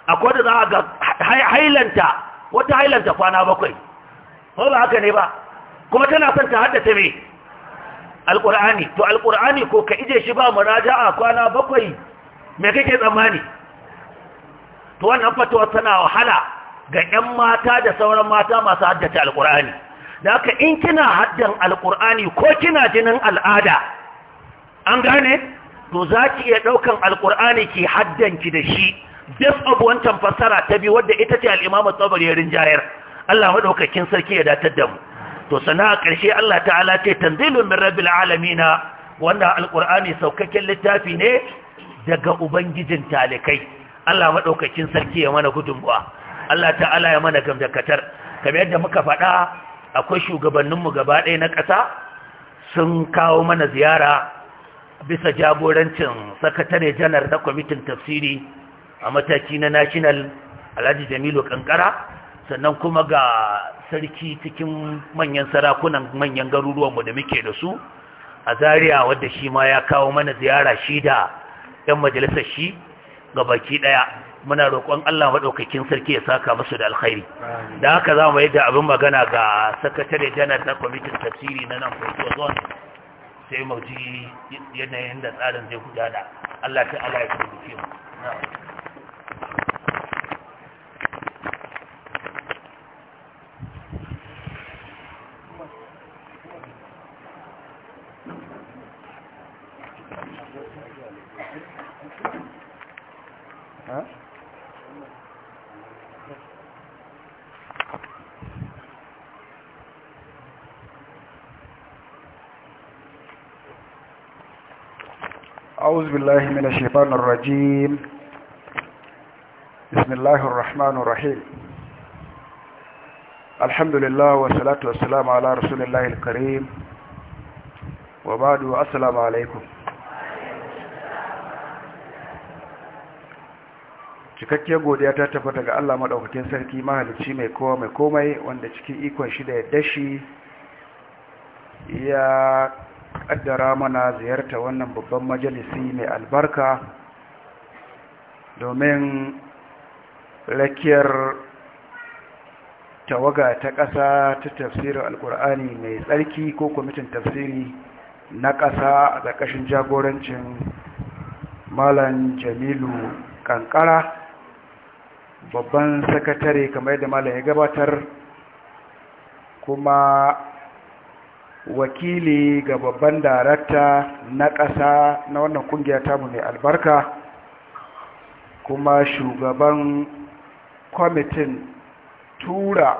akwai da za a ga hailanta wata hailanta kwana bakwai ba haka ne ba kuma tana son ta haddata mai alƙur'ani to alƙur'ani ko ka ije shi ba a kwana bakwai me kake tsammani to wannan fatuwa tana wahala ga 'yan mata da sauran mata masu haddace alƙur'ani da haka in kina haddan alƙur'ani ko kina jinin al'ada an gane to za ki iya ɗaukan alƙur'ani ki haddanki da shi just of wancan fassara ta biyu wadda ita ce al'imamu tsabar ya rinjayar Allah maɗaukakin sarki ya datar da mu to sana a ƙarshe Allah ta'ala ce tanzilun min rabbil alamina wannan alqur'ani saukakken littafi ne daga ubangijin talikai Allah madaukakin sarki ya mana gudunmuwa Allah ta'ala ya mana gamdakatar kamar yadda muka faɗa akwai shugabanninmu gaba ɗaya na ƙasa sun kawo mana ziyara bisa jagorancin sakatare janar na kwamitin tafsiri a mataki na national alhaji jamilu kankara sannan kuma ga sarki cikin manyan sarakunan manyan garuruwan mu da muke da su a zariya wadda shi ma ya kawo mana ziyara shi da 'yan majalisar shi ga baki ɗaya muna roƙon Allah maɗaukakin sarki ya saka musu da alkhairi da haka za mu yadda abin magana ga sakatare janar na kwamitin tafsiri na nan ko zuwa, sai mu ji yanayin da tsarin zai gudana Allah ta Allah ya kuma أعوذ بالله من الشيطان الرجيم بسم الله الرحمن الرحيم الحمد لله والصلاة والسلام على رسول الله الكريم وبعد السلام عليكم cikakkiyar godiya ta tafi daga Allah madaukakin sarki mahalicci mai kowa mai komai wanda cikin ikon shi da ya dashi ya kaddara mana ziyarta wannan babban majalisi mai albarka domin rakiyar tawaga ta ƙasa ta tafsirin alkur'ani mai tsarki ko kwamitin tafsiri na ƙasa a ƙarƙashin jagorancin malam jamilu ƙanƙara, babban sakatare kamar yadda malam ya gabatar kuma wakili ga babban darakta na ƙasa na wannan kungiya tamu mai albarka kuma shugaban kwamitin tura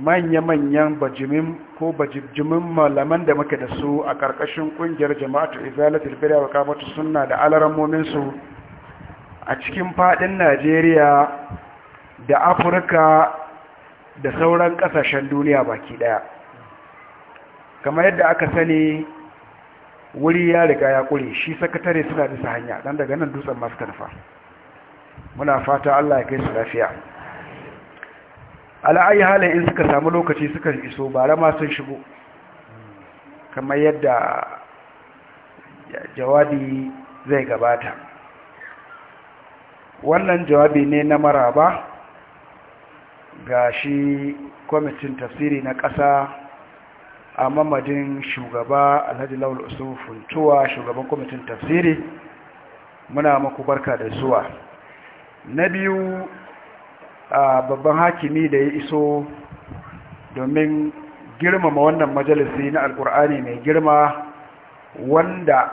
manya-manyan bajimin ko bajimin malaman da muke da su a ƙarƙashin ƙungiyar jama'atu izalatul bida wa kamatu suna da su a cikin faɗin najeriya da afirka da sauran ƙasashen duniya baki ɗaya kamar yadda aka sani wuri ya riga ya ƙure shi sakatare suna bisa hanya dan daga nan dutsen masu karfa muna fata Allah ya kai su lafiya ala'ayi halin in suka samu lokaci suka iso bara ma sun shigo kamar yadda jawabi zai gabata wannan jawabi ne na maraba ga shi kwamitin tafsiri na ƙasa a mamadin shugaba alhaji lawal usuf funtuwa shugaban kwamitin tafsiri muna maku barka da zuwa na biyu a babban hakimi da ya iso domin girmama wannan majalisi na alkur'ani mai girma wanda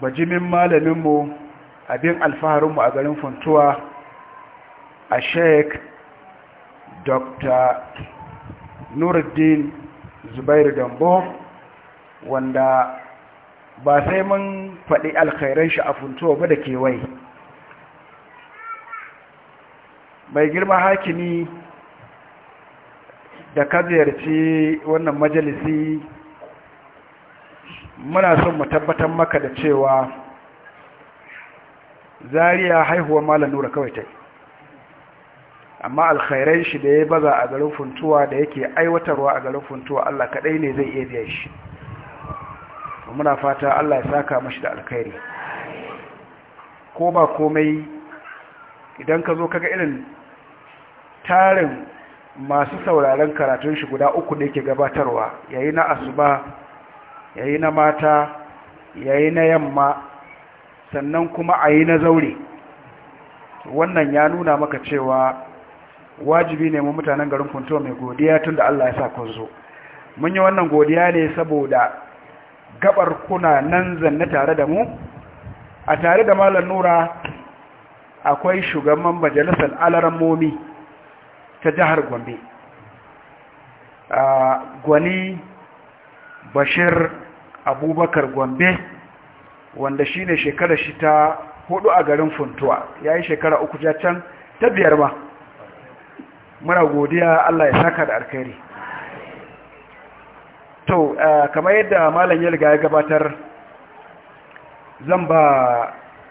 bajimin malaminmu abin alfaharinmu a garin funtuwa a sheik dr nuruddin zubairu dambo wanda ba sai mun faɗi alkhairan shi a funtuwa ba da kewaye mai girma hakimi da ka ziyarci wannan majalisi muna son mu tabbatar maka da cewa zariya haihuwa malam nura kawai ta yi amma alkhairan shi da ya baza a garin funtuwa da yake aiwatarwa a garin funtuwa Allah kadai ne zai iya biya shi muna fata Allah ya saka mashi da alkhairi ko ba komai idan ka zo kaga irin tarin masu sauraron karatun shi guda uku da yake gabatarwa yayi na asuba yayi na mata yayi na yamma sannan kuma ayi na zaure wannan ya nuna maka cewa wajibi ne mu mutanen garin kuntuwa mai godiya tun da Allah ya sa kun zo mun yi wannan godiya ne saboda gabar kuna nan zanne tare da mu a tare da malam nura akwai shugaban majalisar alarammomi ta jihar gombe gwani bashir abubakar gombe wanda shine shekara shi ta hudu a garin funtuwa ya yi shekara uku can ta biyar ma muna godiya Allah ya saka da alkhairi to eh, kamar yadda malam ya ya gabatar zan ba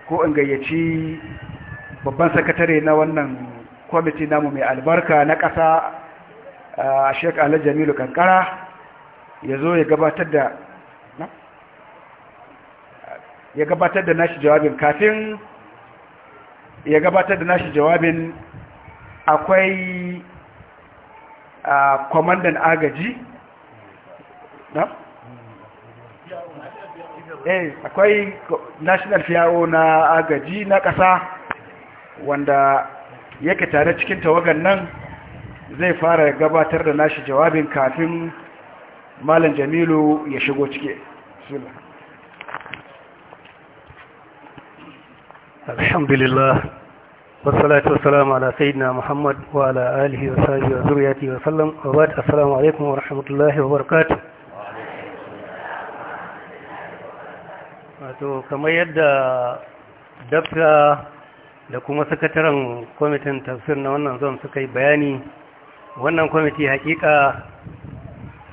ko in gayyaci babban sakatare na wannan kwamiti namu mai albarka na ƙasa a eh, sheik jamilu kankara ya zo ya gabatar da ya gabatar da nashi jawabin kafin ya gabatar da nashi jawabin akwai kwamandan agaji na? eh akwai national fiyawo na agaji na ƙasa wanda yake tare cikin tawagan nan zai fara gabatar da nashi jawabin kafin malam jamilu ya shigo ciki alhamdulillah والصلاة والسلام على سيدنا محمد وعلى آله وصحبه وذريته وسلم وبعد السلام عليكم ورحمة الله وبركاته wato kamar yadda dafta da kuma sakataren kwamitin tafsir na wannan zon suka yi bayani wannan kwamiti hakika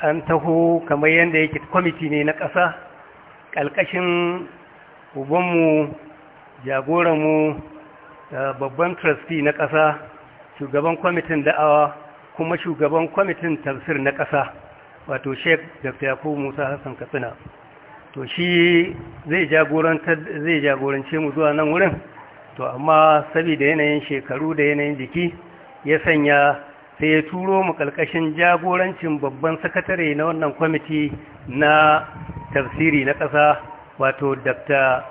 an taho kamar yadda yake kwamiti ne na ƙasa ƙalƙashin ubanmu jagoranmu babban trustee na ƙasa shugaban kwamitin da'awa kuma shugaban kwamitin tafsir na ƙasa wato sheik dr yakubu musa hassan katsina to shi zai jagorance mu zuwa nan wurin to amma saboda yanayin shekaru da yanayin jiki ya sanya sai ya turo mu ƙalƙashin jagorancin babban sakatare na wannan kwamiti na tafsiri na ƙasa wato dr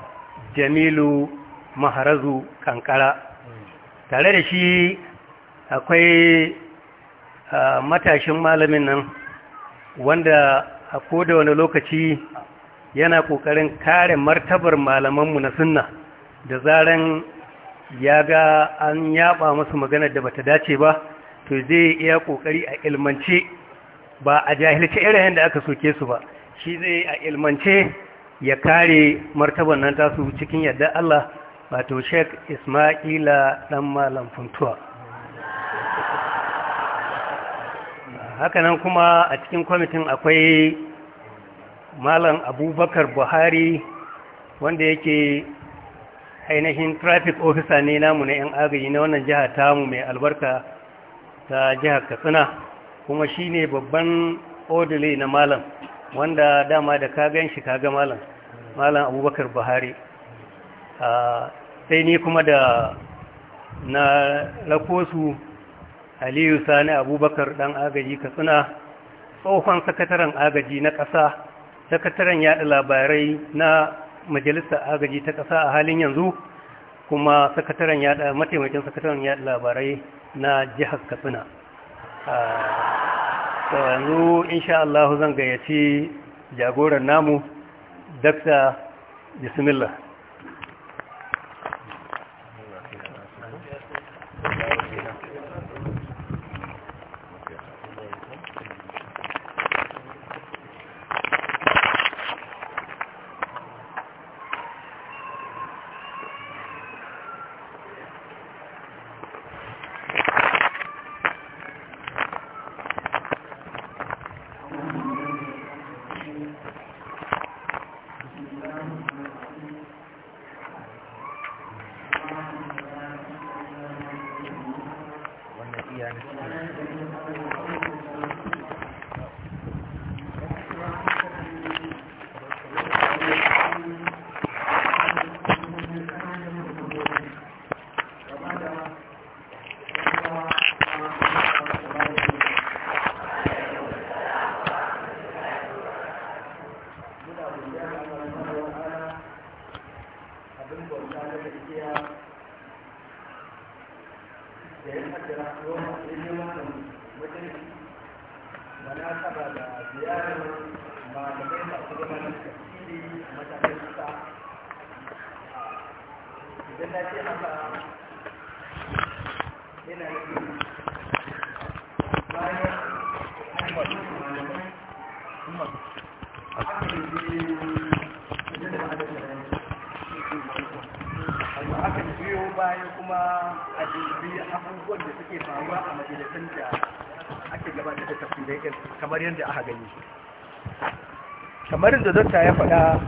jamilu maharazu kankara tare da shi akwai matashin malamin nan wanda a koda wani lokaci yana ƙoƙarin kare martabar malamanmu na sunna da zaren ya ga an yaba masu maganar da bata dace ba to zai iya ƙoƙari a ilmance ba a jahilci irin yadda aka soke su ba shi zai a ilmance ya kare martabar nan tasu cikin yadda Allah wato sheik ismaila dan malam funtuwa hakanan kuma a cikin kwamitin akwai malam abubakar buhari wanda yake ainihin traffic officer ne namu na 'yan agaji na wannan jiha tamu mai albarka ta jihar katsina kuma shi ne babban odile na malam wanda dama da ka gan shi ka ga malam malam abubakar buhari ah, sai ni kuma da na lakosu aliyu sani abubakar ɗan agaji katsina tsohon sakataren agaji na ƙasa sakataren yaɗa labarai na majalisar agaji ta ƙasa a halin yanzu kuma sakataren yaɗa mataimakin sakataren yaɗa labarai na jihar katsina a ah, yanzu insha Allah zan gayyaci jagoran namu dr bismillah kamar yadda aka gani kamar da zata ya faɗa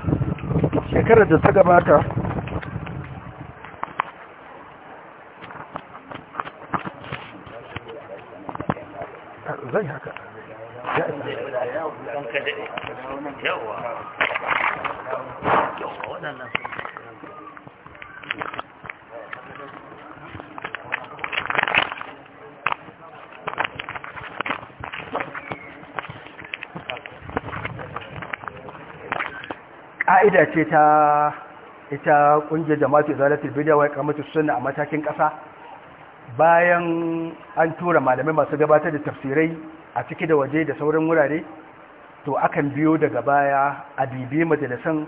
shekarar da ta gabata ka'ida ce ta ita ƙungiyar jama'atu izalatul bidiyo wa iqamatus sunna a matakin ƙasa bayan an tura malamai masu gabatar da tafsirai a ciki da waje da sauran wurare to akan biyo daga baya a bibi majalisan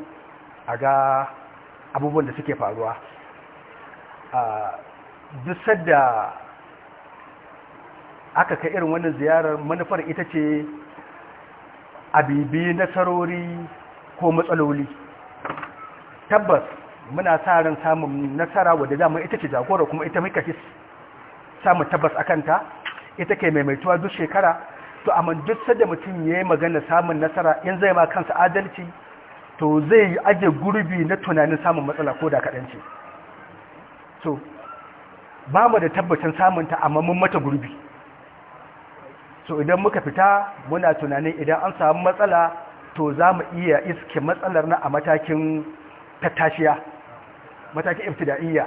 a ga abubuwan da suke faruwa duk sadda aka kai irin wannan ziyarar manufar ita ce a bibi nasarori ko matsaloli tabbas muna sa ran samun nasara wadda mu ita ce jagora kuma ita muka fi samun tabbas akan ta ita ke maimaituwa duk shekara to amma duk sadda mutum ya yi magana samun nasara in zai ma kansa adalci to zai ajiye gurbi na tunanin samun matsala ko da kaɗan ce so ba mu da tabbacin samunta amma mun mata gurbi so idan muka fita muna tunanin idan an samu matsala to za mu iya iske matsalar na a matakin tattashiya matakin ibtida'iyya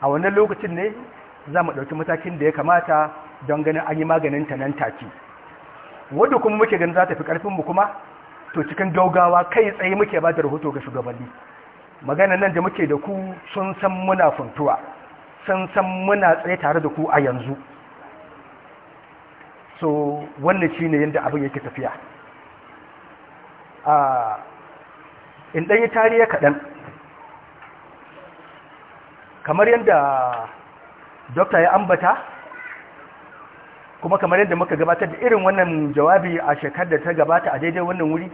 a wannan lokacin ne za mu ɗauki matakin da ya kamata don ganin an yi maganin ta nan take wadda kuma muke ganin za ta fi ƙarfinmu kuma to cikin gaugawa kai tsaye muke ba da rahoto ga shugabanni magana nan da muke da ku sun san muna funtuwa sun san muna tsaye tare da ku a yanzu so wannan shine yadda abin yake tafiya ah, in ɗan tariya kaɗan kamar yadda dokta ya ambata kuma kamar yadda muka gabatar da irin wannan jawabi a shekarar da ta gabata a daidai wannan wuri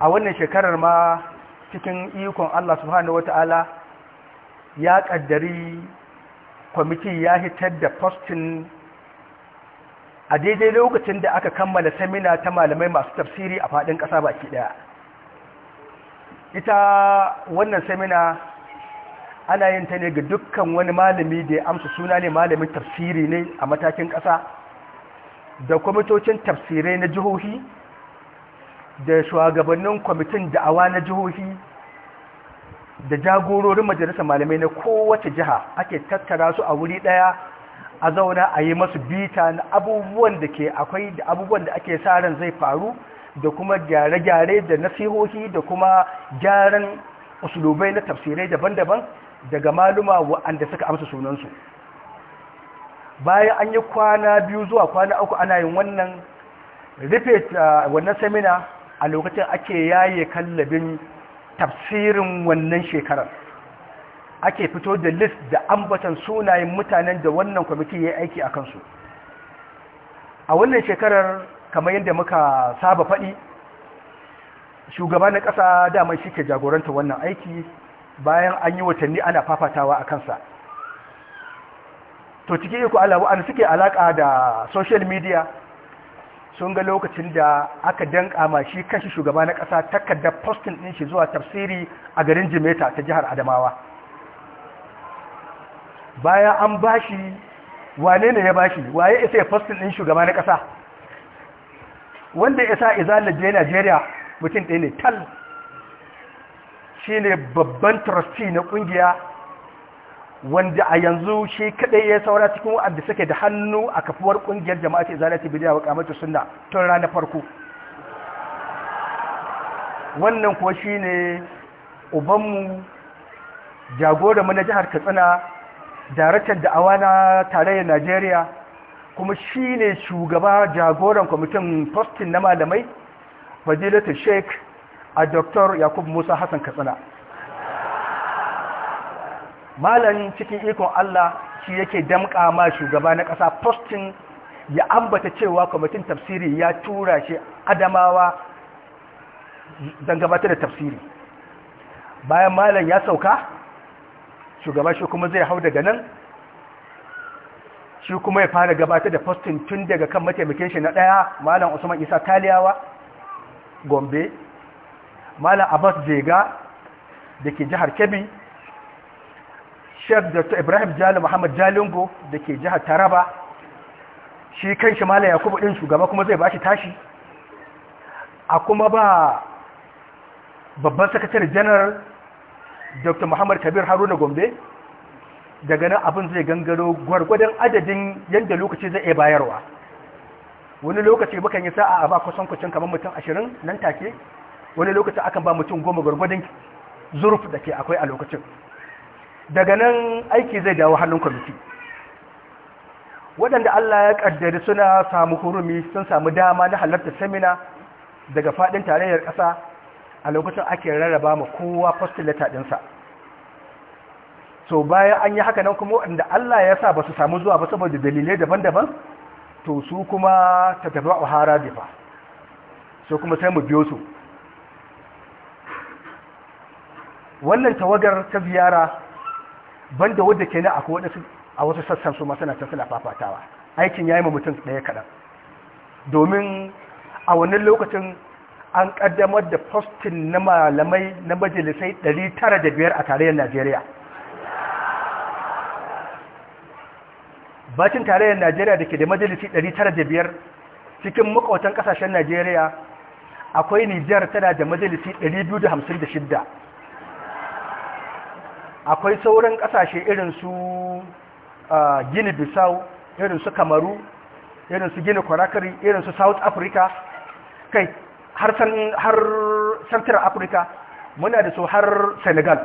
a wannan shekarar ma cikin ikon Allah subhanahu wata'ala ya ƙaddari kwamiti ya hitar da postin a daidai lokacin da aka kammala samina ta malamai masu tafsiri a faɗin ƙasa baki ɗaya ita wannan semina ana yin ta ne ga dukkan wani malami da ya amsa suna ne malamin tafsiri ne a matakin ƙasa da kwamitocin tafsirai na jihohi da shugabannin kwamitin da'awa na jihohi da jagororin majalisar malamai na kowace jiha ake tattara su a wuri ɗaya a zauna a yi masu bita na abubuwan da ke akwai da abubuwan da ake sa ran zai faru da kuma gyare-gyare da nasihohi da kuma gyaran usulubai na tafsirai daban-daban daga maluma wa'anda suka amsa sunansu bayan an yi kwana biyu zuwa kwana uku ana yin wannan rufe ah, wannan samina a lokacin ake yaye kallabin tafsirin wannan shekarar ake fito da list da ambatan sunayen mutanen da wannan kwamiti ya yi aiki a kansu a wannan shekarar kamar yadda muka saba faɗi shugaba na ƙasa dama shi ke jagoranta wannan aiki bayan an yi watanni ana fafatawa a kansa to cikin iko alawu an suke alaƙa da social media sun ga lokacin da aka danƙa ma shi kashi shugaba na ƙasa takardar postin ɗin shi zuwa tafsiri a garin jimeta ta jihar adamawa bayan an bashi wane ne ya bashi waye isa ya postin ɗin shugaba na ƙasa wanda ya sa izalar je Najeriya mutum ɗaya ne tal shi ne babban trustee na ƙungiya wanda a yanzu shi kaɗai ya saura cikin wa'anda suke da hannu a kafuwar ƙungiyar jama'a ce izalar ta bidiyar wa kamata suna tun ranar farko wannan kuwa shi ne ubanmu jagora na jihar katsina da da'awa na tarayyar najeriya kuma shi ne shugaba jagoran kwamitin postin na malamai fadilatu sheik a dr yakub musa hassan katsina malam cikin ikon allah shi yake damƙa ma shugaba na ƙasa postin ya ambata cewa kwamitin tafsiri ya tura shi adamawa don da tafsiri bayan malam ya sauka shugaba shi kuma zai hau daga nan shi kuma ya fara gabatar da fostin tun daga kan mataimakin shi na ɗaya malam usman isa Taliyawa, gombe malam abbas zega da ke jihar kebbi shek dr ibrahim jalo muhammad jalingo da ke jihar taraba shi kan shi malam yakubu ɗin shugaba kuma zai ba shi tashi a kuma ba babban sakatare janar dr muhammad kabir haruna gombe daga nan abin zai gangaro gwargwadon adadin yadda lokaci zai iya bayarwa wani lokaci mukan yi sa'a a ba kusan kucin kamar mutum ashirin nan take wani lokaci akan ba mutum goma gwargwadon zurf da ke akwai a lokacin daga nan aiki zai dawo hannun kwamiti waɗanda allah ya ƙaddari suna samu hurumi sun samu dama na halarta samina daga faɗin tarayyar ƙasa a lokacin ake rarraba ma kowa postilata ɗinsa so bayan an yi haka nan kuma waɗanda Allah ya sa ba su samu zuwa ba saboda dalilai daban-daban to su kuma ta tafi a hara difa so kuma sai mu biyo su wannan tawagar ta ziyara banda wadda ke na akwai waɗansu a wasu sassan su masu na suna fafatawa aikin ya yi ma mutum ɗaya kaɗan domin a wannan lokacin an ƙaddamar da fostin na malamai na majalisai 905 a tarayyar najeriya bacin tarayyar najeriya da ke da majalisi 905 cikin makwautan kasashen najeriya akwai nijar tana da majalisi 256 akwai sauran kasashe irin su gini bisau irin su kamaru irin su gini kwarakari irin su south africa kai har central africa muna da su har senegal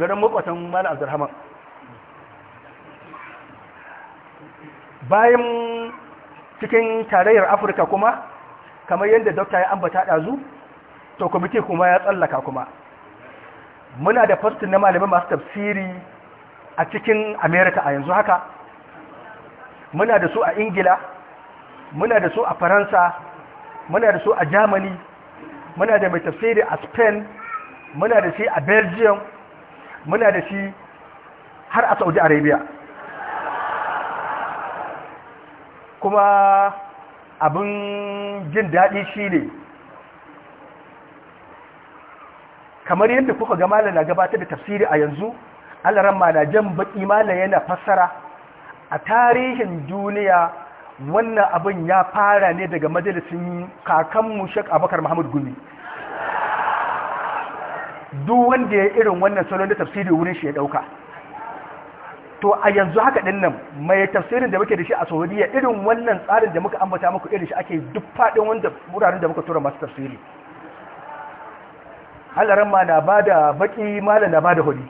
garin makwatan mana abdulhamman bayan cikin tarayyar afirka kuma kamar yadda dokta ya ambata ɗazu to kwamiti kuma ya tsallaka kuma muna da fastin na malamai masu tafsiri a cikin Amerika a yanzu haka muna da su a ingila muna da su a faransa muna da su a germany muna da mai tafsiri a spain muna da shi a belgium muna da shi har a saudi arabia kuma abin jin daɗi shi ne kamar yadda kuka ga malam na gabatar da tafsiri a yanzu alaran na jan baƙi malam yana fassara a tarihin duniya wannan abin ya fara ne daga majalisun kakanmu shek abakar Muhammadu gumi duk wanda ya irin wannan salon da tafsiri wurin shi ya ɗauka to a yanzu haka din nan mai tafsirin da muke da shi a Saudiya irin wannan tsarin da muka ambata muku irin shi ake duk faɗin wanda wuraren da muka tura masu tafsiri halaran ma na bada baki malam na bada hudi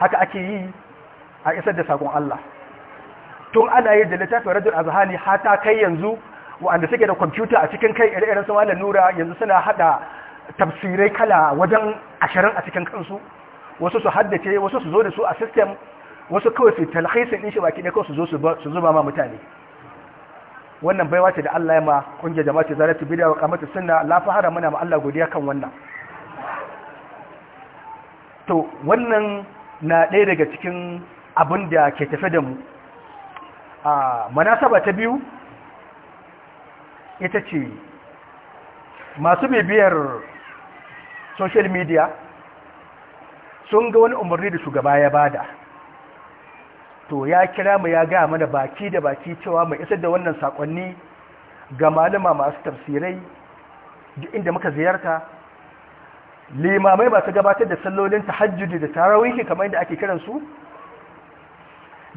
haka ake yi a isar da sakon Allah tun ana yi da littafin rajul azhani hata kai yanzu wa'anda suke da kwamfuta a cikin kai ire-iren su malam nura yanzu suna haɗa tafsirai kala wajen ashirin a cikin kansu wasu su haddace wasu su zo da su a system wasu kawai su talhisin din shi baki ne kawai su zo su zuba ma mutane wannan baiwa ce da Allah ya ma kungiyar jama'a ce zaratu bid'a wa kamata sunna la fahara muna ma Allah godiya kan wannan to wannan na ɗaya daga cikin abin da ke tafe da mu a manasaba ta biyu ita ce masu bibiyar social media sun ga wani umarni da shugaba ya bada to ya kira mu ya gaya mana baki da baki cewa mu isar da wannan sakonni ga malama masu tafsirai duk inda muka ziyarta limamai ba su gabatar da sallolin tahajjudi da tarawihi kamar yadda ake kiran su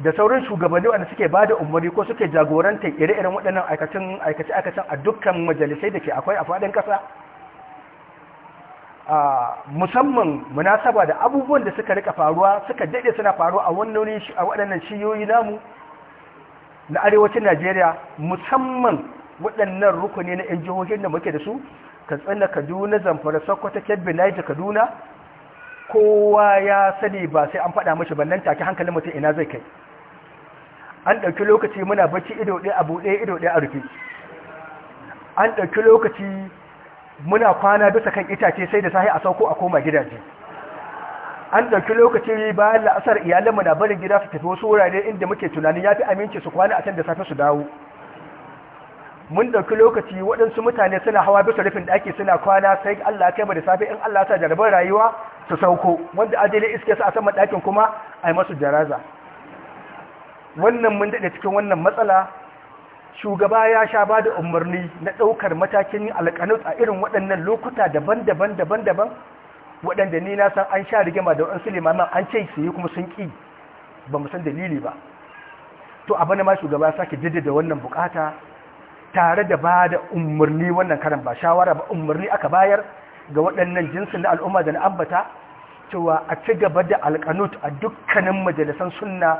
da sauran shugabanni wanda suke ba da umarni ko suke jagoranta ire-iren waɗannan aikace-aikacen a dukkan majalisai da ke akwai a faɗin ƙasa a musamman munasaba da abubuwan da suka rika faruwa suka daɗe suna faruwa a wannan waɗannan shiyoyi namu na arewacin najeriya musamman waɗannan rukuni na 'yan jihohin da muke da su katsina kaduna zamfara sokoto kebbi naija kaduna kowa ya sani ba sai an faɗa mashi nan take hankalin mutum ina zai kai an ɗauki lokaci muna bacci ido ɗaya a buɗe ido ɗaya a rufe an ɗauki lokaci muna kwana bisa kan itace sai da sahi a sauko a koma gidaje an ɗauki lokacin bayan la'asar iyalanmu na barin gida su tafi wasu wurare inda muke tunani ya fi aminci su kwana a can da safe su dawo mun ɗauki lokaci waɗansu mutane suna hawa bisa rufin ɗaki suna kwana sai Allah kai mu da safe in Allah sa jarabar rayuwa su sauko wanda ajiyar iske su a saman ɗakin kuma a yi masu jaraza wannan mun daɗe cikin wannan matsala shugaba ya sha ba da umarni na ɗaukar matakin alƙanus a irin waɗannan lokuta daban-daban daban-daban waɗanda ni na san an sha rigima da waɗansu limaman an ce su yi kuma sun ƙi ba mu san dalili ba to a bana ma shugaba ya sake da wannan bukata tare da ba da umarni wannan karan ba shawara ba umarni aka bayar ga waɗannan jinsin na al'umma da na ambata cewa a ci gaba da alƙanut a dukkanin majalisan sunna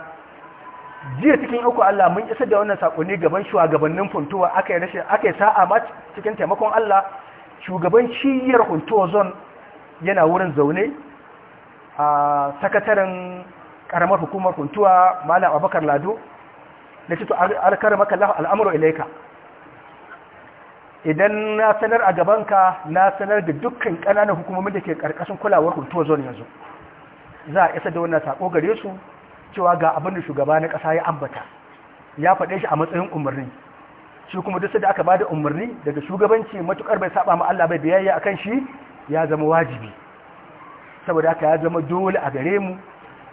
jiya cikin uku Allah mun isa da wannan sakonni gaban shugabannin funtuwa aka yi rashin aka yi sa'a ma cikin taimakon Allah shugaban ciyar funtuwa zon yana wurin zaune a sakataren karamar hukumar funtuwa malam Abakar Lado na ce to maka Allah al'amuro ilaika idan na sanar a gabanka na sanar da dukkan ƙananan hukumomin da ke ƙarƙashin kulawar kultuwar zon yanzu za a isa da wannan sako gare su cewa ga abin da shugaba na ƙasa ya ambata ya faɗe shi a matsayin umarni shi kuma duk da aka bada umarni daga shugabanci matukar bai saba ma Allah bai a kan shi ya zama wajibi saboda haka ya zama dole a gare mu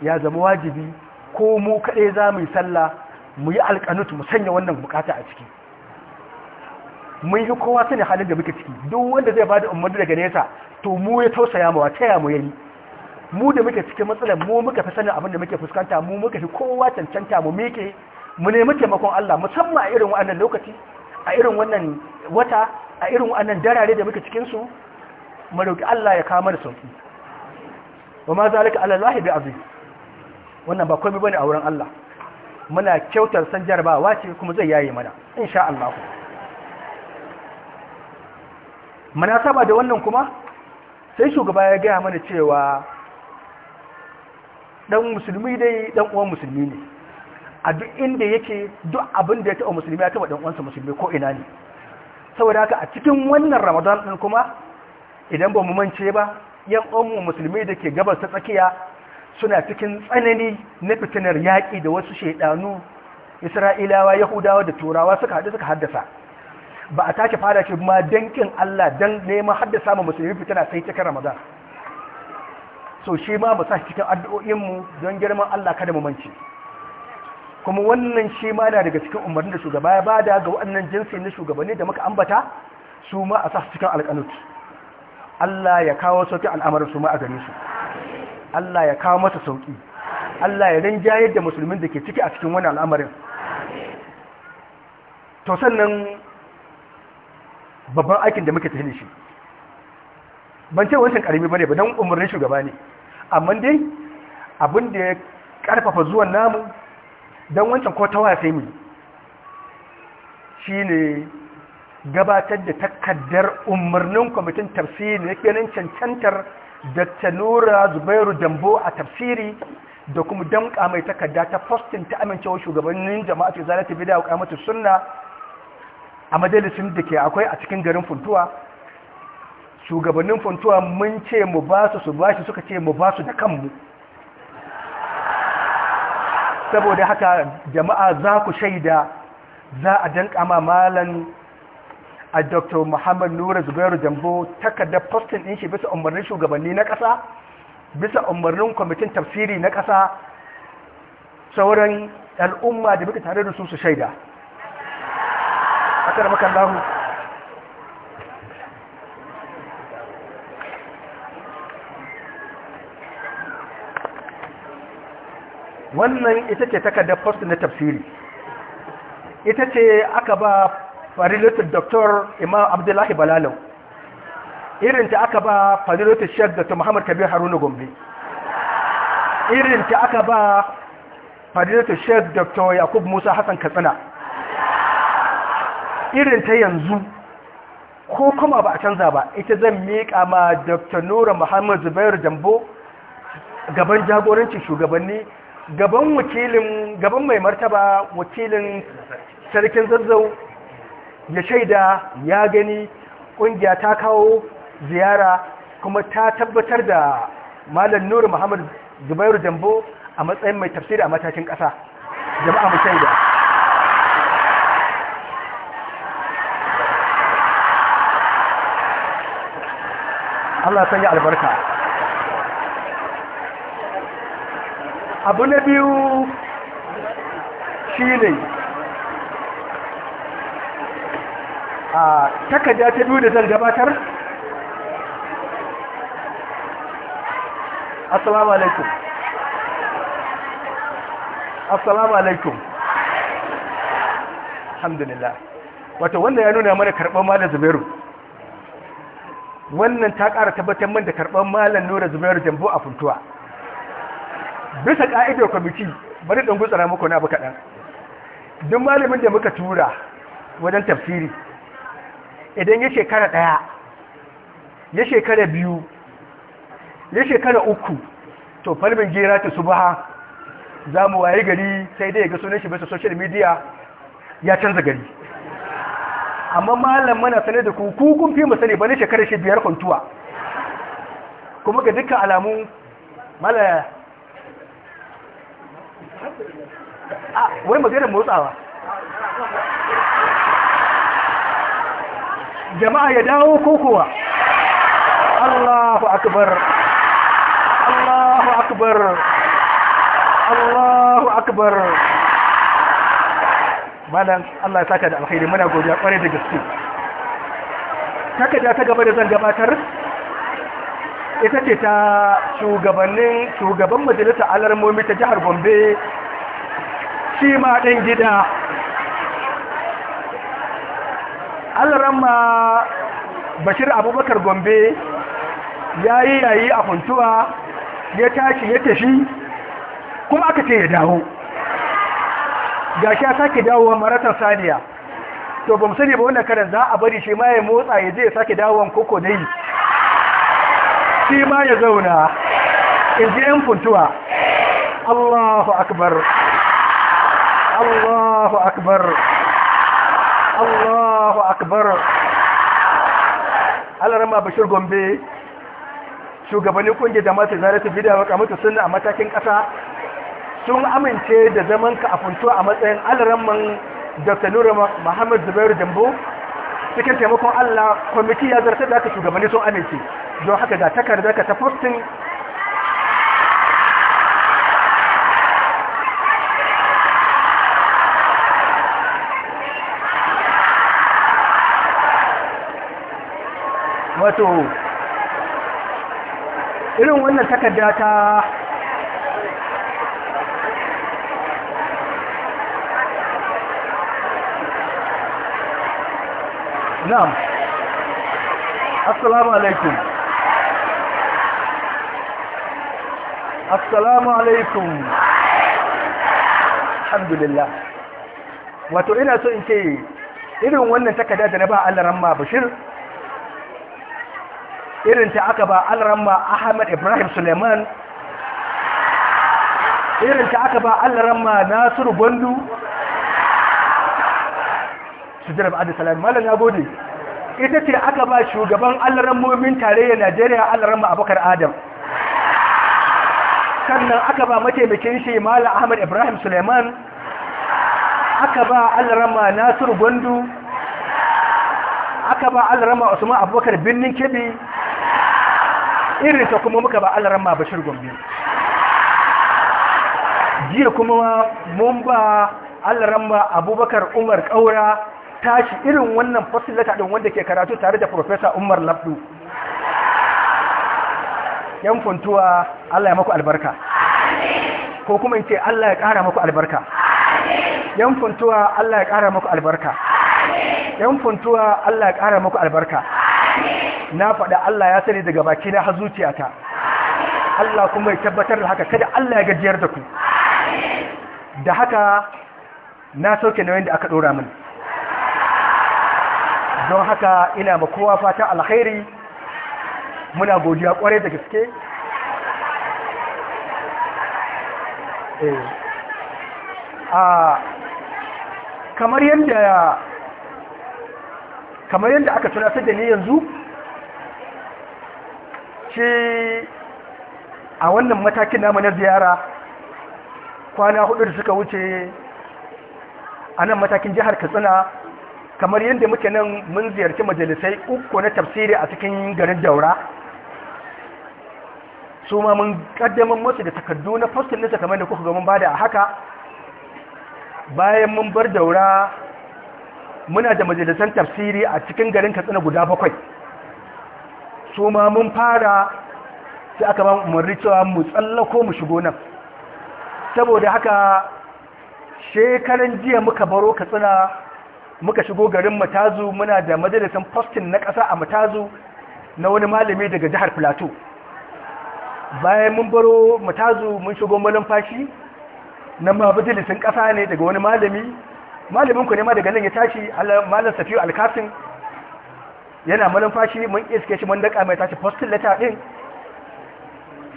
ya zama wajibi ko mu kaɗai za mu yi sallah mu yi alƙanutu mu sanya wannan bukata a ciki mun yi kowa sani halin da muke ciki duk wanda zai ba da umarni daga nesa to mu ya tausaya ma taya mu yayi mu da muke cikin matsalar mu muka fi sanin abin da muke fuskanta mu muka fi kowa cancanta mu muke mu nemi taimakon Allah musamman a irin wannan lokaci a irin wannan wata a irin wannan darare da muke cikin su mu roki Allah ya kawo mana sauki wa ma zalika ala lahi bi aziz wannan ba komai bane a wurin Allah muna kyautar san jarabawa ce kuma zai yaye mana insha Allah saba da wannan kuma sai shugaba ya gaya mana cewa dan musulmi dai dan uwan musulmi ne a duk inda yake duk abin da ya taɓa musulmi ya taɓa dan uwansa musulmi ko ina ne saboda haka a cikin wannan ramadan din kuma idan ba mu mance ba yan uwan musulmi da ke gabas ta tsakiya suna cikin tsanani na fitinar yaƙi da wasu shaidanu isra'ilawa yahudawa da turawa suka haɗu suka haddasa ba a take fara shi ma dankin allah dan neman haddasa ma musulmi fitina sai cikin ramadan so shi ma ba sa cikin addu'o'inmu don girman Allah kada mu mance kuma wannan shi ma yana daga cikin umarnin da shugaba ya bada ga wannan jinsi na shugabanni da muka ambata su ma a sa cikin alƙanut Allah ya kawo sauƙi al'amarin su ma a gani su Allah ya kawo masa sauƙi. Allah ya rinjayar da musulmin da ke ciki a cikin wani al'amarin to sannan babban aikin da muke ta da shi ban ce wancan ba bane ba don umarnin shugaba ne amma dai abin da ya karfafa zuwan namu don wancan ko tawa sai mu shine gabatar da takaddar umarnin kwamitin tafsiri da nan cancantar da Tanura Zubairu Dambo a tafsiri da kuma damƙa mai takarda ta postin ta amincewa shugabannin jama'a ce zalata bida wa kamatu sunna a majalisun da ke akwai a cikin garin funtuwa shugabannin fantuwa mun ce mu ba su su bashi suka ce mu ba su da kanmu saboda haka jama'a za ku shaida za a danka ma a dr muhammad nura zubairu jambo takardar postin ɗin shi bisa umarnin shugabanni na ƙasa bisa umarnin kwamitin tafsiri na ƙasa sauran al'umma da muka tare da su su shaida a karamakan lahu wannan ita ce takardar post na tafsiri ita ce aka ba fadilatul doktor imam abdullahi balalau irinta aka ba fadilatul shek dr muhammad kabir haruna gombe irinta aka ba fadilatul shek dr yakub musa hassan katsina irinta yanzu ko kuma ba a canza ba ita zan miƙa ma dr nura muhammad zubairu jambo gaban jagorancin shugabanni gaban wakilin gaban mai martaba wakilin sarkin zazzau ya shaida ya gani kungiya ta kawo ziyara kuma ta tabbatar da malam nur muhammad zubairu jambo a matsayin mai tafsiri a matakin ƙasa jama'a mu shaida Allah sanya albarka abu na biyu shi ne a takarda ta biyu da zan gabatar assalamu alaikum assalamu alaikum alhamdulillah wato wannan ya nuna mana karɓar malar zubairu wannan ta ƙara tabbatar man da karɓar malar nura zubairu jambo a funtuwa bisa ka'idar kwamiti bari ɗan gutsara muku na buka kaɗan duk malamin da muka tura wajen tafsiri idan ya shekara ɗaya ya shekara biyu ya shekara uku to falmin jera ta baha za mu waye gari sai dai ga sunan shi bisa social media ya canza gari amma malam mana sanar da ku kun fi masani bane shekarar shi biyar kwantuwa kuma ga dukkan alamu mala wai magana motsawa jama'a ya dawo ko kowa Allahu akbar Allahu akbar Allahu akbar malam Allah ya saka da alkhairi muna godiya kware da gaske takarda ta gaba da zan gabatar ita ce ta shugabannin shugaban majalisar alarmomi ta jihar Gombe shi ma ɗan gida alrama bashir abubakar gombe ya yi yayi a kuntuwa ya tashi ya tafi kuma aka ce ya dawo ga shi ya sake dawowa maratar saniya to ba sani ba wanda karan za a bari shi ma ya motsa ya je ya sake dawowan koko dai shi ma ya zauna in ji 'yan kuntuwa Allahu akbar الله أكبر الله أكبر Allah rama Bashir Gombe shugabannin kungiyar da masu zarata bidiyar makamata suna a matakin ƙasa sun amince da zaman ka a funtuwa a matsayin alaramman Dr. Nura Muhammad Zubairu Jambo cikin taimakon Allah kwamiti ya zarta da sun amince don haka ga takarda ka ta wato irin wannan takarda ta na'am assalamu alaikum assalamu alaikum alhamdulillah wato ina so in ce irin wannan takarda da na ba Allah ramma bashir irinta aka ba alarama ahmad ibrahim suleiman irinta aka ba alarama nasiru gwandu su jirar ba'adu salami malam ya gode ita ce aka ba shugaban tare tarayyar najeriya alarama abokar adam sannan aka ba mataimakin shi malam ahmad ibrahim suleiman aka ba alarama nasiru gwandu aka ba alarama usman abokan birnin kebe irin ta kuma muka ba alaran ma bashir gombe jiya kuma mun ba alaran ma abubakar umar kaura tashi irin wannan fasilata ɗin wanda ke karatu tare da profesa umar labdu yan funtuwa allah ya maku albarka ko kuma in ce allah ya ƙara maku albarka yan funtuwa allah ya ƙara maku albarka yan funtuwa allah ya ƙara maku albarka na faɗa Allah ya sani daga baki na har ta. Allah kuma ya tabbatar da haka kada Allah ya gajiyar da ku da haka na sauke nauyin da aka ɗora mini don haka ina ma kowa fata alkhairi muna godiya kwarai da gaske eh, kamar yadda kamar yadda aka tunatar da ni yanzu ce a wannan matakin namu na ziyara kwana hudu da suka wuce a nan matakin jihar katsina kamar yadda muke nan mun ziyarci majalisai uku na tafsiri a cikin garin daura su ma mun kaddamin masu da takardu na fostin nisa kamar da kuka gamin bada a haka bayan mun bar daura muna da majalisan tafsiri a cikin garin katsina guda bakwai su ma mun fara sai aka ba umarni cewa mu tsallako mu shigo nan saboda haka shekaran jiya muka baro katsina muka shigo garin matazu muna da majalisan postin na ƙasa a matazu na wani malami daga jihar plateau bayan mun baro matazu mun shigo malumfashi nan ma majalisan ƙasa ne daga wani malami malamin ne ma daga nan ya tashi malam safiyu alkasin yana malumfashi mun iske shi mun daka mai tashi postal letter din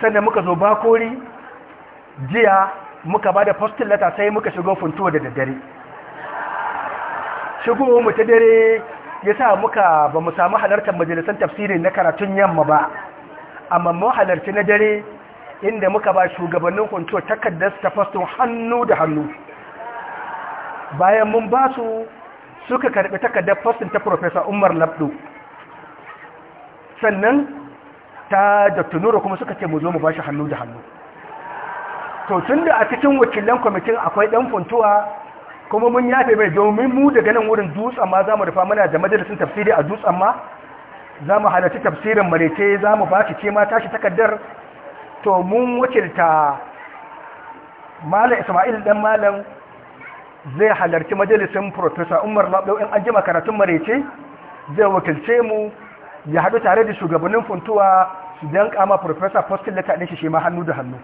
sannan muka zo bakori jiya muka ba da postal letter sai muka shigo funtuwa da daddare shigo mu ta dare ya sa muka ba mu samu halartar majalisar tafsirin na karatun yamma ba amma mu halarci na dare inda muka ba shugabannin funtuwa takardar ta fastun hannu da hannu bayan mun ba su suka karɓi takardar fastun ta Profesa Umar Labdo sannan ta da kuma suka ce mu zo mu ba shi hannu da hannu to tun da a cikin wakilan kwamitin akwai ɗan funtuwa kuma mun yafe mai domin mu daga nan wurin dutsen ma za mu rufa mana da majalisun tafsiri a dutsen ma za mu halarci tafsirin marece za mu ba shi ma tashi takardar to mun wakilta malam ismail dan malam zai halarci majalisun professor umar labdau in an jima karatun marece zai wakilce mu ya haɗu tare da shugabannin funtuwa su dan kama profesa postin letter ɗin shi shi ma hannu da hannu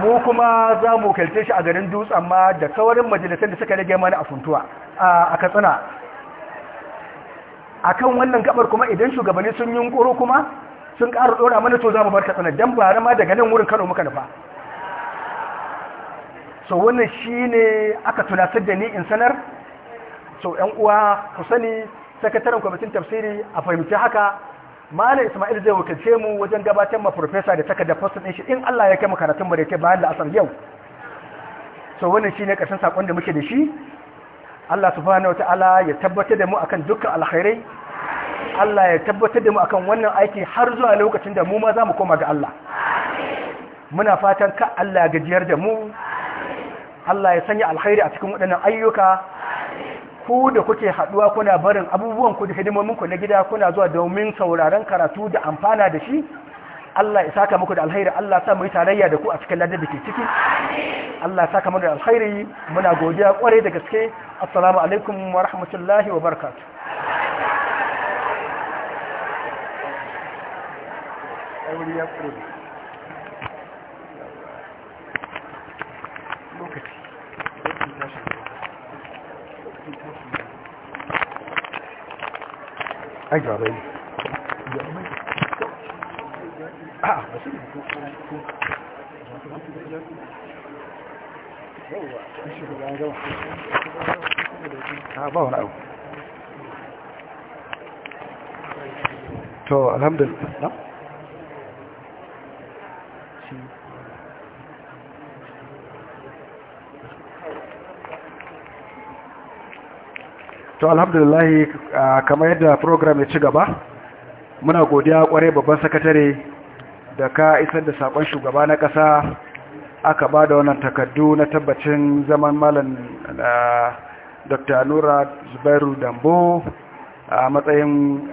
mu kuma za mu shi a garin dutse amma da kawarin majalisar da suka rage mana a funtuwa a katsina a kan wannan gabar kuma idan shugabanni sun yi koro kuma sun ƙara ɗora mana to za mu bar katsina don ba ma daga nan wurin kano muka nufa so wannan shi ne aka tunatar da ni in sanar so 'yan uwa ku sani sakataren kwamitin tafsiri a fahimci haka malam ismail zai wakilce mu wajen gabatar ma profesa da takardar fasin ɗin shi in allah ya kai mu karatun mu ke bayan la'asar yau so wannan ne karshen sakon da muke da shi allah subhanahu ya tabbatar da mu akan dukkan alkhairai allah ya tabbatar da mu akan wannan aiki har zuwa lokacin da mu ma za mu koma ga allah muna fatan ka allah gajiyar da mu Allah ya sanya alkhairi a cikin waɗannan ayyuka ku da kuke haɗuwa kuna barin abubuwan ku da hidimomin ku na gida kuna zuwa domin sauraron karatu da amfana da shi Allah ya saka muku da alkhairi Allah ya sa mu yi tarayya da ku a cikin ladabi da ke ciki Allah ya saka mu da alkhairi muna godiya kwarai da gaske assalamu alaikum wa rahmatullahi wa barakatuh ai ga bai ah, a wasu ah, ba wani abu to to alhamdulillah kamar yadda program ya ci gaba muna godiya kware babban sakatare da ka isar da sakon shugaba na kasa aka ba da wannan takardu na tabbacin zaman malam dr nura zubairu dambo a matsayin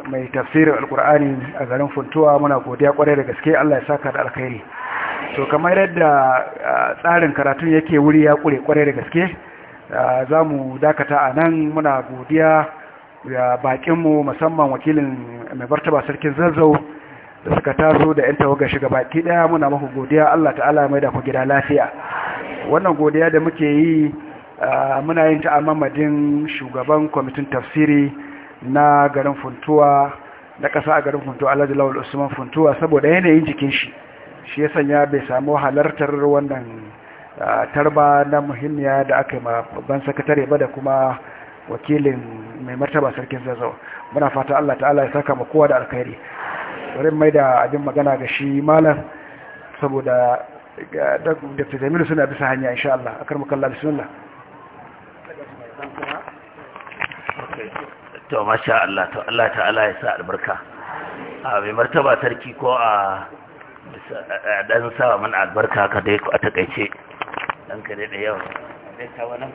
mai tafsirin alkur'ani a garin funtuwa muna godiya kware da gaske allah ya saka da alkhairi to kamar yadda tsarin karatun yake wuri ya kure kware da gaske za mu dakata a nan muna godiya ya bakinmu musamman wakilin mai martaba sarkin zazzau da suka taso da 'yan tawaga shiga baki daya muna maku godiya Allah ta'ala mai da ku gida lafiya wannan godiya da muke yi muna yin ta a mamadin shugaban kwamitin tafsiri na garin funtuwa na ƙasa a garin funtuwa Allah lawal usman funtuwa saboda yanayin jikin shi shi ya sanya bai samu halartar wannan tarba na muhimmiya da aka yi babban sakatare ba da kuma wakilin mai martaba sarkin zazzau muna fata Allah ta'ala ya saka kowa da alkhairi bari mai da abin magana ga shi malam saboda dr jamilu suna bisa hanya insha Allah akar makalla bismillah to masha Allah to Allah ta'ala ya sa albarka a mai martaba sarki ko a dan sa mana albarka ka dai a takaice ɗan nan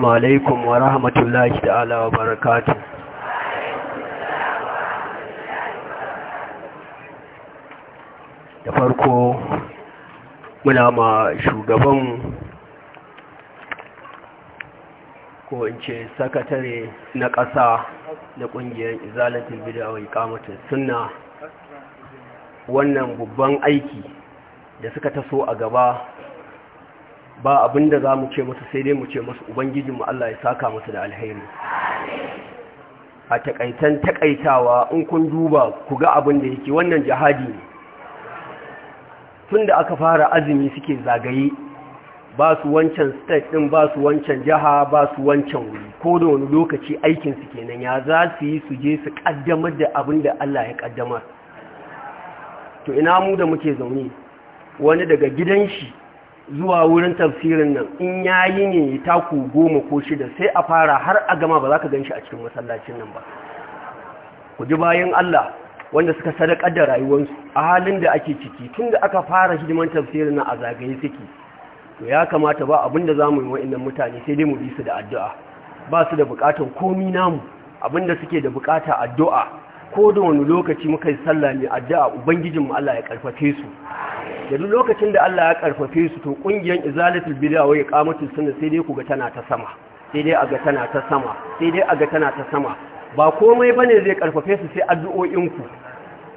alaikum wa rahmatullahi ta'ala wa barakatuh. muna ma shugaban ko in ce sakatare na ƙasa na ƙungiyar izalatin bid'a wa iqamatus sunna wannan babban aiki da suka taso a gaba ba abinda za mu ce masu, sai dai mu ce masu, ubangijinmu Allah ya saka masu da alheri a takaitan takaitawa in kun duba ku ga abin da yake wannan jihadi ne tun da aka fara azumi suke zagaye ba su wancan state ɗin ba su wancan jiha ba su wancan wuri ko da wani lokaci aikinsu kenan ya za su yi su je su ƙaddamar da abin da Allah ya ƙaddamar to ina mu da muke zaune wani daga gidan shi zuwa wurin tafsirin nan in ya yi ne taku goma ko shida sai a fara har a gama ba za ka gan shi a cikin masallacin nan ba ku ji bayan Allah wanda suka sadakar da rayuwarsu a halin da ake ciki tun da aka fara hidiman tafsirin a zagaye suke to ya kamata ba abinda za mu yi wa'annan mutane sai dai mu bi su da addu'a ba su da buƙatar komi namu abinda suke da bukata addu'a ko da wani lokaci muka yi sallah ne addu'a ubangijinmu Allah ya karfafe su da duk lokacin da Allah ya karfafe su to kungiyar izalatul bid'a wa iqamatus sunna sai dai ku ga tana ta sama sai dai ga tana ta sama sai dai ga tana ta sama ba komai ba ne zai karfafe su sai addu'o'inku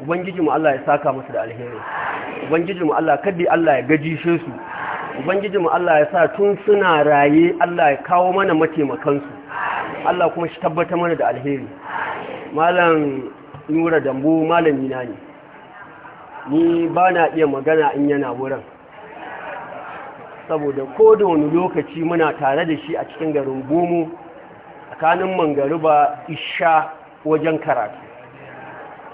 ubangiji Allah ya saka musu da alheri ubangiji mu Allah kaddi Allah ya gajishe su ubangiji Allah ya sa tun suna raye Allah ya kawo mana mataimakansu. Allah kuma shi tabbata mana da alheri malam Nura Dambo malami na ne ni ba na iya magana in yana wurin saboda ko da wani lokaci muna tare da shi a cikin garin Gomo tsakanin mangariba isha wajen karatu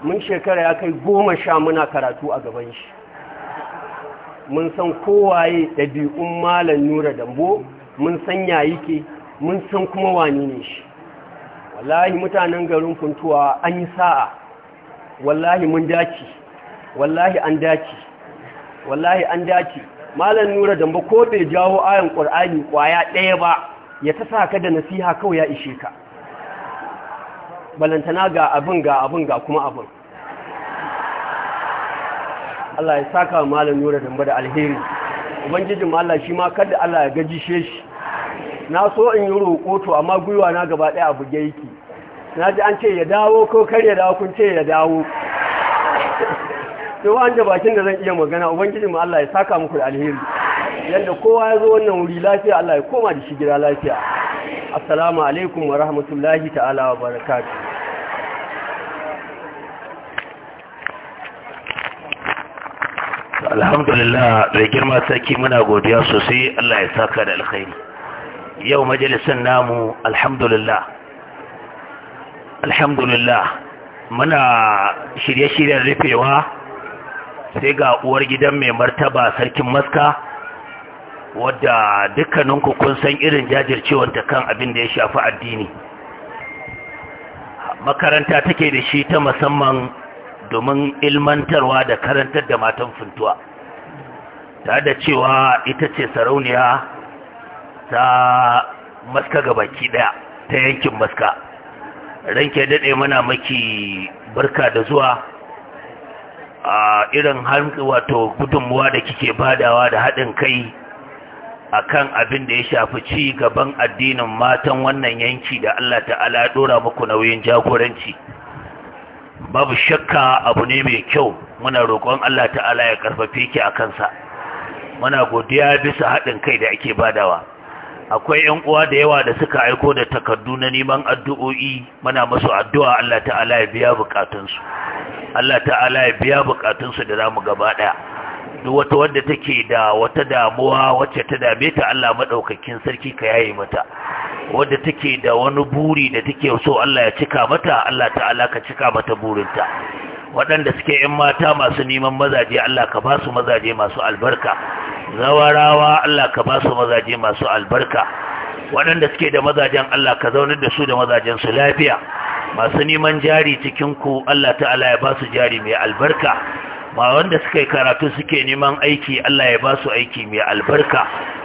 mun shekara ya kai goma sha muna karatu a gaban shi mun san kowaye ɗabi'un malam nura dambo mun san yayi ke mun san kuma wani ne shi wallahi mutanen garin Kuntuwa an yi sa'a wallahi mun dace wallahi an dace wallahi an dace malam nura dambo ko bai jawo ayan ƙwar'ani ƙwaya ɗaya ba ya ta sa ka da nasiha kawai ya ishe ka balantana ga abin ga abin ga kuma abin Allah ya saka wa malam nura damba da alheri ubangijin Allah shi ma kada Allah ya gaji shi na so in yi roƙo to amma gwiwa na gaba ɗaya abu ga yake na ji an ce ya dawo ko kar ya dawo kun ce ya dawo sai wanda bakin da zan iya magana ubangijin Allah ya saka muku da alheri yadda kowa ya zo wannan wuri lafiya Allah ya koma da shi gida lafiya assalamu alaikum wa rahmatullahi ta'ala wa barakatuh alhamdulillah mai girma sarki muna godiya sosai Allah ya saka da alkhairi yau majalisar namu alhamdulillah alhamdulillah muna shirye-shiryen rufewa sai ga uwar gidan mai martaba sarkin maska wadda dukkaninku kun san irin jajircewarta kan abin da ya shafi addini makaranta take da shi ta musamman domin ilmantarwa da karantar da matan funtuwa ta da cewa ita ce sarauniya ta maska gabaki daya ta yankin maska ranke daɗe mana maki barka da zuwa a irin hankali wato gudunmuwa da kike badawa da haɗin kai akan abin da ya shafi ci gaban addinin matan wannan yanki da Allah ta'ala ya dora muku nauyin jagoranci babu shakka abu ne mai kyau muna roƙon Allah ta'ala ya karfafe ki a kansa muna godiya bisa haɗin kai da ake badawa akwai ƴan uwa da yawa da suka aiko da takardu na neman addu'o'i muna musu addu'a Allah ta'ala ya biya bukatunsu Allah ta'ala ya biya bukatunsu da zamu gaba ɗaya duk wata wadda take da wata damuwa wacce ta dame ta Allah madaukakin sarki ka yaye mata wadda take da wani buri da take so Allah ya cika mata Allah ta'ala ka cika mata burinta waɗanda suke ‘yan mata masu neman mazaje Allah ka ba su mazaje masu albarka zawarawa Allah ka ba su mazaje masu albarka waɗanda suke da mazajen Allah ka zaunar da su da mazajen su lafiya masu neman jari cikin ku Allah ta'ala ya ba su jari mai albarka ba wanda suka yi karatu suke neman aiki Allah ya ba su aiki mai albarka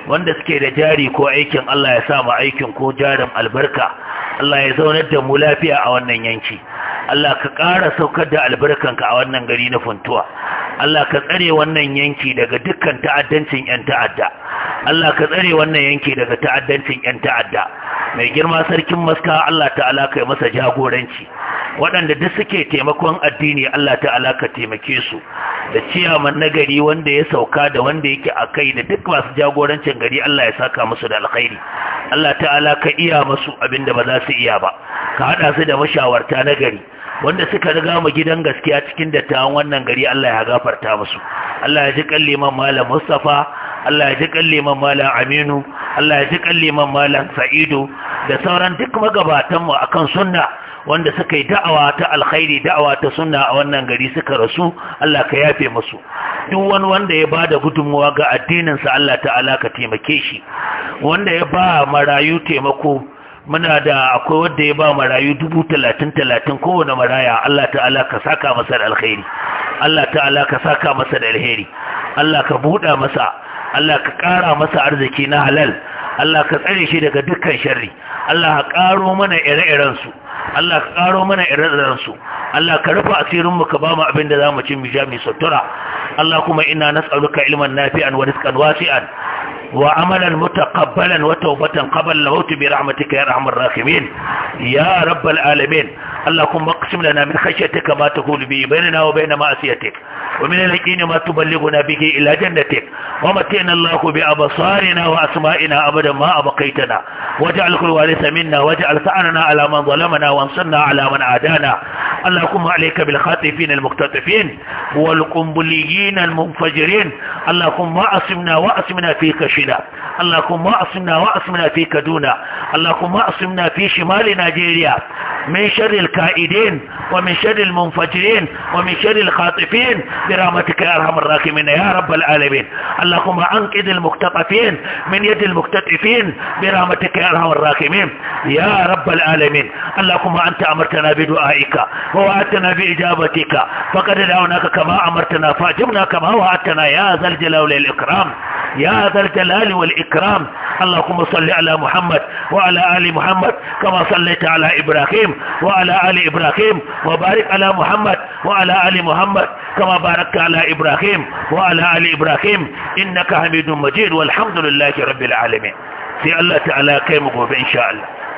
wanda suke da jari ko aikin Allah ya sa ma aikin ko jarin albarka Allah ya zaunar da mu lafiya a wannan yanki Allah ka ƙara saukar da albarkanka a wannan gari na funtuwa Allah ka tsare wannan yanki daga dukkan ta'addancin 'yan ta'adda Allah ka tsare wannan yanki daga ta'addancin 'yan ta'adda mai girma sarkin maska Allah ta'ala kai masa jagoranci waɗanda duk suke taimakon addini Allah ta'ala ka taimake su da ciyaman na gari wanda ya sauka da wanda yake a kai da duk masu jagorancin gari Allah ya saka musu da alkhairi Allah ta'ala ka iya musu abinda ba za su iya ba ka haɗa su da mashawarta nagari, gari wanda suka riga mu gidan gaskiya cikin dattawan wannan gari Allah ya gafarta musu Allah ya ji kalliman malam Mustafa Allah ya ji kalliman malam Aminu Allah ya ji kalliman malam Sa'idu da sauran duk magabatan mu akan sunna wanda suka yi da'awa ta alkhairi da'awa ta sunna a wannan gari suka rasu Allah ka yafe musu duk wani wanda ya ba da gudunmuwa ga addinin sa Allah ta'ala ka taimake shi wanda ya ba marayu taimako muna da akwai wanda ya ba marayu dubu talatin talatin kowane maraya Allah ta'ala ka saka masa da alkhairi Allah ta'ala ka saka masa da alheri Allah ka buɗa masa Allah ka ƙara masa arziki na halal Allah ka tsare shi daga dukkan sharri Allah ka ƙaro mana ire-iren su Allah ka ƙaro mana ire-iren su Allah ka rufa asirin mu ka ba mu abin da mu ci mu ja mu sutura Allah kuma ina nas'aluka ilman nafi'an wa rizqan wasi'an وعملا متقبلا وتوبة قبل الموت برحمتك يا ارحم الراحمين يا رب العالمين اللهم اقسم لنا من خشيتك ما تقول به بيننا وبين معصيتك ومن اليقين ما تبلغنا به الى جنتك ومتئنا الله بابصارنا واسمائنا ابدا ما ابقيتنا واجعل كل وارث منا واجعل ثأرنا على من ظلمنا وانصرنا على من عادانا اللهم عليك بالخاطفين المختطفين والقنبليين المنفجرين اللهم اعصمنا واعصمنا في كشف أنفسنا اللهم أعصمنا وأعصمنا في كدونا اللهم أعصمنا في شمال نيجيريا من شر الكائدين ومن شر المنفجرين ومن شر الخاطفين برحمتك يا أرحم الراحمين يا رب العالمين اللهم أنقذ المختطفين من يد المختطفين برحمتك يا أرحم الراحمين يا رب العالمين اللهم أنت أمرتنا بدعائك ووعدتنا بإجابتك فقد دعوناك كما أمرتنا فأجبنا كما وعدتنا يا ذا الجلال والإكرام يا ذا الجلال الجلال والإكرام اللهم صل على محمد وعلى آل محمد كما صليت على إبراهيم وعلى آل إبراهيم وبارك على محمد وعلى آل محمد كما باركت على إبراهيم وعلى آل إبراهيم إنك حميد مجيد والحمد لله رب العالمين في الله تعالى كيمك إن شاء الله